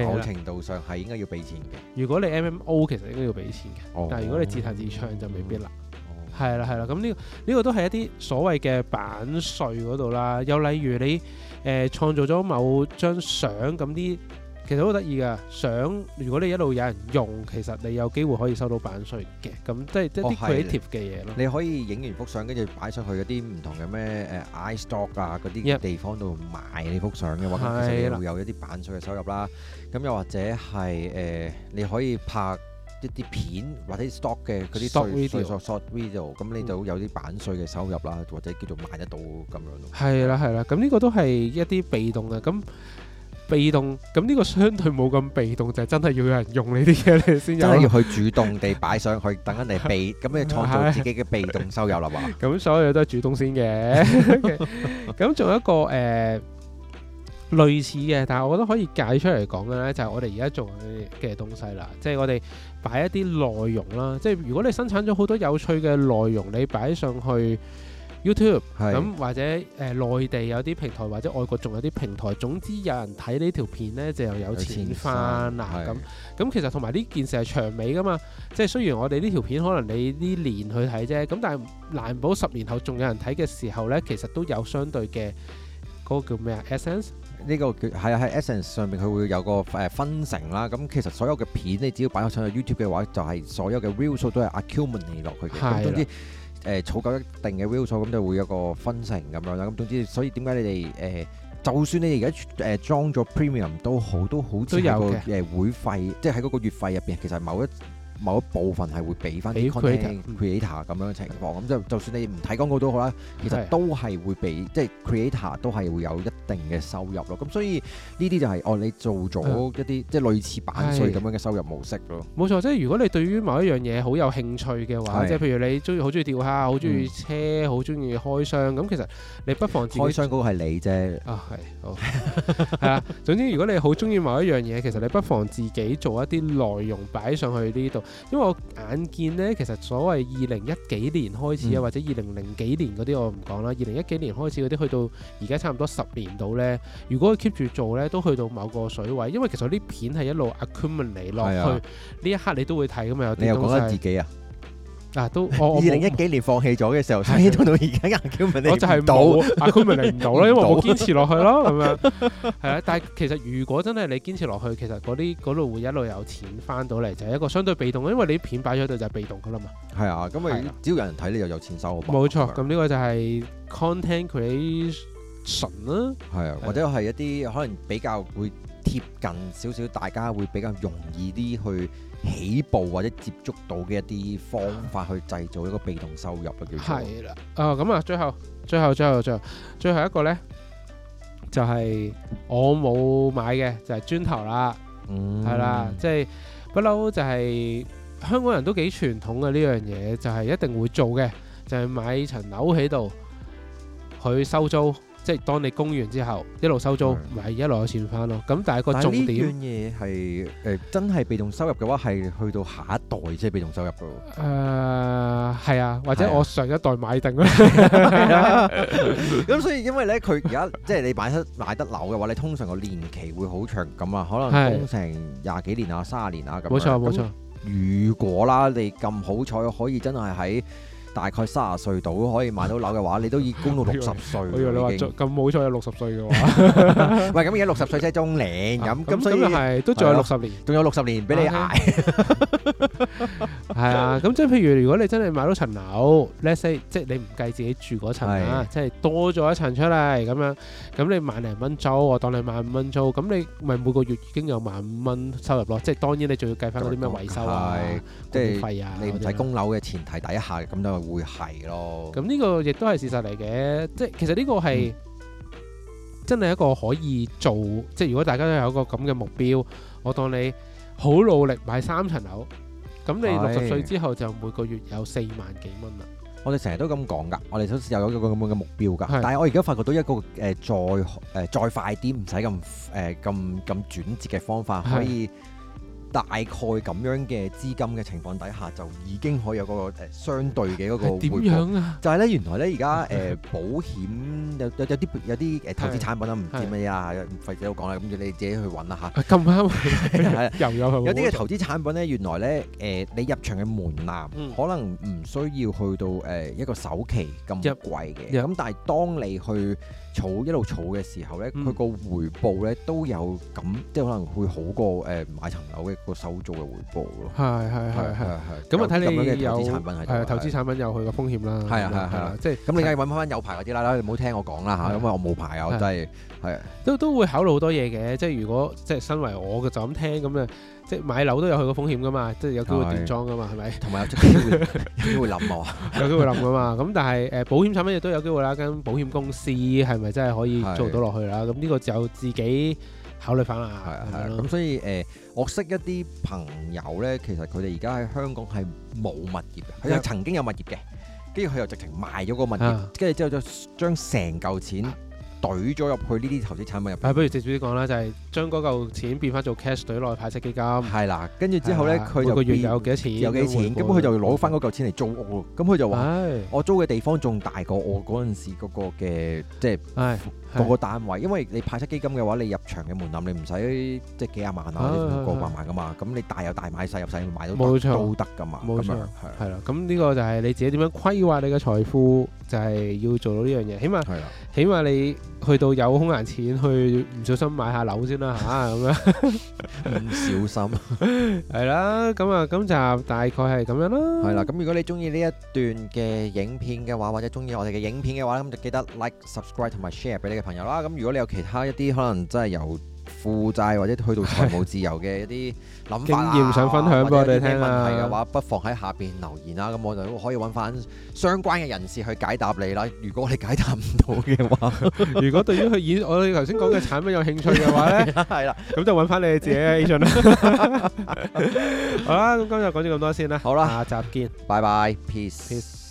Speaker 2: 某程度上係應該要俾錢嘅。
Speaker 1: 如果你 MMO 其實應該要俾錢嘅，哦、但係如果你自彈自唱就未必啦。係啦係啦，咁呢、呢個呢、呢個都係一啲所謂嘅版稅嗰度啦。又例如你誒、呃、創造咗某張相咁啲。其實好得意噶，相如果你一路有人用，其實你有機會可以收到版稅嘅。咁、嗯、即係一啲佢啲貼嘅嘢咯。西你
Speaker 2: 可以影完幅相，跟住擺上去嗰啲唔同嘅咩誒、呃、iStock 啊嗰啲地方度賣你幅相嘅話，或者其實你會有一啲版稅嘅收入啦。咁的又或者係誒、呃，你可以拍一啲片或者 stock 嘅嗰啲 short video 咁，video，你就有啲版稅嘅收入啦，或者叫做賣得到咁樣咯。
Speaker 1: 係啦，係啦，咁呢、嗯嗯、個都係一啲被動嘅咁。被動咁呢個相對冇咁被動就係、是、真係要有人用你啲嘢，你先有，真係要去主動地擺上去， 等緊你被，咁你創造自己嘅被動收入啦嘛。咁 所有都係主動先嘅。咁仲 有一個誒、呃、類似嘅，但係我覺得可以解出嚟講嘅咧，就係、是、我哋而家做嘅東西啦。即、就、係、是、我哋擺一啲內容啦，即、就、係、是、如果你生產咗好多有趣嘅內容，你擺上去。YouTube 咁或者誒內地有啲平台或者外國仲有啲平台，總之有人睇呢條片咧，就又有錢翻啦咁。咁其實同埋呢件事係長尾噶嘛，即係雖然我哋呢條片可能你呢年去睇啫，咁但係難保十年後仲有人睇嘅時候咧，其實都有相對嘅嗰個叫咩啊 essence，呢個叫係啊，喺 essence
Speaker 2: 上面佢會有個誒分成啦。咁其實所有嘅片你只要擺咗上去 YouTube 嘅話，就係所有嘅 real 數都係 accumulate 落去嘅。咁總之。誒、呃、儲夠一定嘅 view 數咁就會有個分成咁樣啦。咁總之，所以點解你哋誒、呃，就算你哋而家誒裝咗 premium 都好，都好似個誒會費，有即係喺嗰個月費入邊，其實某一某一部分係會俾翻啲 content creator 咁樣嘅情況，咁、嗯、就就算你唔睇廣告都好啦，其實都係會俾的即係 creator 都係會有一定嘅收入咯。咁所以呢啲就係、是、哦，你做咗一啲、嗯、即係類似版稅咁樣嘅收入模式咯。
Speaker 1: 冇、嗯、錯，即係如果你對於某一樣嘢好有興趣嘅話，即係的譬如你中意好中意釣蝦，好中意車，好中意開箱，咁其實你不妨自己開箱
Speaker 2: 嗰個係你啫。啊、哦，係，
Speaker 1: 啊。總之如果你好中意某一樣嘢，其實你不妨自己做一啲內容擺上去呢度。因為我眼見呢，其實所謂二零一幾年開始啊，或者二零零幾年嗰啲，我唔講啦。二零一幾年開始嗰啲，去到而家差唔多十年度呢。如果佢 keep 住做呢，都去到某個水位。因為其實啲片係一路 accumulate 落去，呢的一刻你都會睇㗎嘛。有啲東西。講緊自己啊。嗱、啊，都我，我二零一
Speaker 2: 幾年放棄咗嘅時候，先對到
Speaker 1: 到而家。阿 Q 明嚟唔到，阿 Q 明嚟唔到咧，因為冇堅持落去咯，咁樣。係啊，但係其實如果真係你堅持落去，其實嗰啲嗰度會一路有錢翻到嚟，就係、是、一個相對被動，因為你啲片擺咗喺度就係被動噶啦嘛。
Speaker 2: 係啊，咁、嗯、咪、啊、只
Speaker 1: 要有人睇的，你就有錢
Speaker 2: 收。冇錯，咁
Speaker 1: 呢個就係 content creation 啦、啊。係啊，或者係一啲可能比較
Speaker 2: 會貼近少少，大家會比較容易啲去。起步或者接觸到嘅一啲方法，去製造一個被動收入啊，叫做係
Speaker 1: 啦。啊，咁啊，最後，最後，最後，最後，最後一個咧，就係、是、我冇買嘅，就係、是、磚頭啦，係啦、嗯，即係不嬲，就係、是就是、香港人都幾傳統嘅呢樣嘢，就係一定會做嘅，就係、是、買層樓喺度，去收租。即係當你供完之後，一路收租，咪一路有錢翻咯。咁但係個重點嘢
Speaker 2: 係，誒真係被動收入嘅話，係去到下一代先係被動收入噶喎。
Speaker 1: 誒係啊，或者我上一代買定啦。
Speaker 2: 咁所以因為咧，佢而家即係你買得買得樓嘅話，你通常個年期會好長咁啊，可能供成廿幾年啊、三十年啊咁。冇錯冇錯。如果啦，你咁好彩可以真係喺。大概卅歲到可以買到樓嘅話，你都已
Speaker 1: 供到六十歲。我以為你話再咁冇錯，有六十歲嘅話。喂，咁而家六
Speaker 2: 十歲即係中年，
Speaker 1: 咁咁所以係都仲有六十年，仲有六十年俾你捱。係啊，咁即係譬如如果你真係買到層樓，let’s say 即係你唔計自己住嗰層啊，即係多咗一層出嚟咁樣，咁你萬零蚊租，我當你萬五蚊租，咁你咪每個月已經有萬五蚊收入咯。即係當然你仲要計翻嗰啲咩維修啊、公費啊。你唔使供樓嘅前提底下咁就。會係咯，咁呢個亦都係事實嚟嘅，即係其實呢個係真係一個可以做，嗯、即係如果大家都有一個咁嘅目標，我當你好努力買三層樓，咁你六十歲之後就每個月有四萬幾蚊啦。我哋成日都咁講噶，我哋都有一個咁樣嘅
Speaker 2: 目標噶，是但係我而家發覺到一個誒、呃，再誒、呃、再快啲，唔使咁誒咁咁轉折嘅方法是可以。大概咁樣嘅資金嘅情況底下，就已經可以有個誒、呃、相對嘅嗰個回報。點樣啊？就係咧，原來咧而家誒保險有有有啲有啲誒投資產品都唔 知咩啊！費事都講啦，咁你自己去揾啦嚇。咁啱，又有。有啲嘅投資產品咧，原來咧誒、呃、你入場嘅門檻、嗯、可能唔需要去到誒、呃、一個首期咁貴嘅。咁、嗯嗯、但係當你去儲一路儲嘅時候咧，佢個回報咧都有咁，即係可能會好過誒、呃呃呃、買層樓嘅。個手租嘅回報咯，係係係係係，咁啊，睇你有投資產品係，投資產
Speaker 1: 品有佢個風險啦，係啊係啊，即係咁你梗係揾翻翻有牌嗰啲啦，唔好聽我講啦吓，咁啊我冇牌啊，我真係係，都都會考慮好多嘢嘅，即係如果即係身為我嘅就咁聽咁啊，即係買樓都有佢個風險噶嘛，即係有機會跌莊噶嘛，係咪？同埋有機會，有啲會冧我有啲會冧噶嘛，咁但係誒保險產品亦都有機會啦，跟保險公司係咪真係可以做到落去啦？咁呢個就自己。考慮翻啊，係啊係啊，咁所以誒，我識一啲朋友咧，其實佢哋而家喺香港係
Speaker 2: 冇物業嘅，佢又曾經有物業嘅，跟住佢又直情賣咗個物業，跟住之後就將成嚿錢攤咗入去呢啲投資產品入。不
Speaker 1: 如直接啲講啦，就係將嗰嚿錢變翻做 cash 攤落派息基金。係啦，跟住之後咧，佢就個月有幾多錢？有幾錢？根本佢就攞
Speaker 2: 翻嗰嚿錢嚟租屋。咁佢就話：我租嘅地方仲大過我嗰陣時嗰個嘅，即
Speaker 1: 係。個個
Speaker 2: 單位，因為你派出基金嘅話，你入場嘅門檻，你唔使即係幾廿萬啊，過百萬㗎嘛。咁你大又大買，細入細買到都得㗎嘛。冇錯，係
Speaker 1: 啦。咁呢個就係你自己點樣規劃你嘅財富，就係要做到呢樣嘢。起碼係啦，起碼你去到有空閒錢，去唔小心買下樓先啦嚇。咁樣唔小心，係啦。咁啊，今集大概係
Speaker 2: 咁樣啦。係啦。咁如果你中意呢一段嘅影片嘅話，或者中意我哋嘅影片嘅話，咁就記得 like、subscribe 同埋 share 俾你嘅朋友啦，咁如果你有其他一啲可能真係由負債或者去到財務自由嘅一啲諗法經驗，想分享俾我哋聽啦，或者啲問題嘅話，不妨喺下邊留言啦。咁我就可以揾翻相關嘅人士去解答你啦。如果我哋解答唔到嘅話， 如果對於
Speaker 1: 佢演我哋頭先講嘅產品有興趣嘅話咧，係啦，咁就揾翻你自己嘅 Jason 啦。好啦，咁今日講咗咁多先啦。好
Speaker 2: 啦吧，下集見，拜拜 bye ,，peace。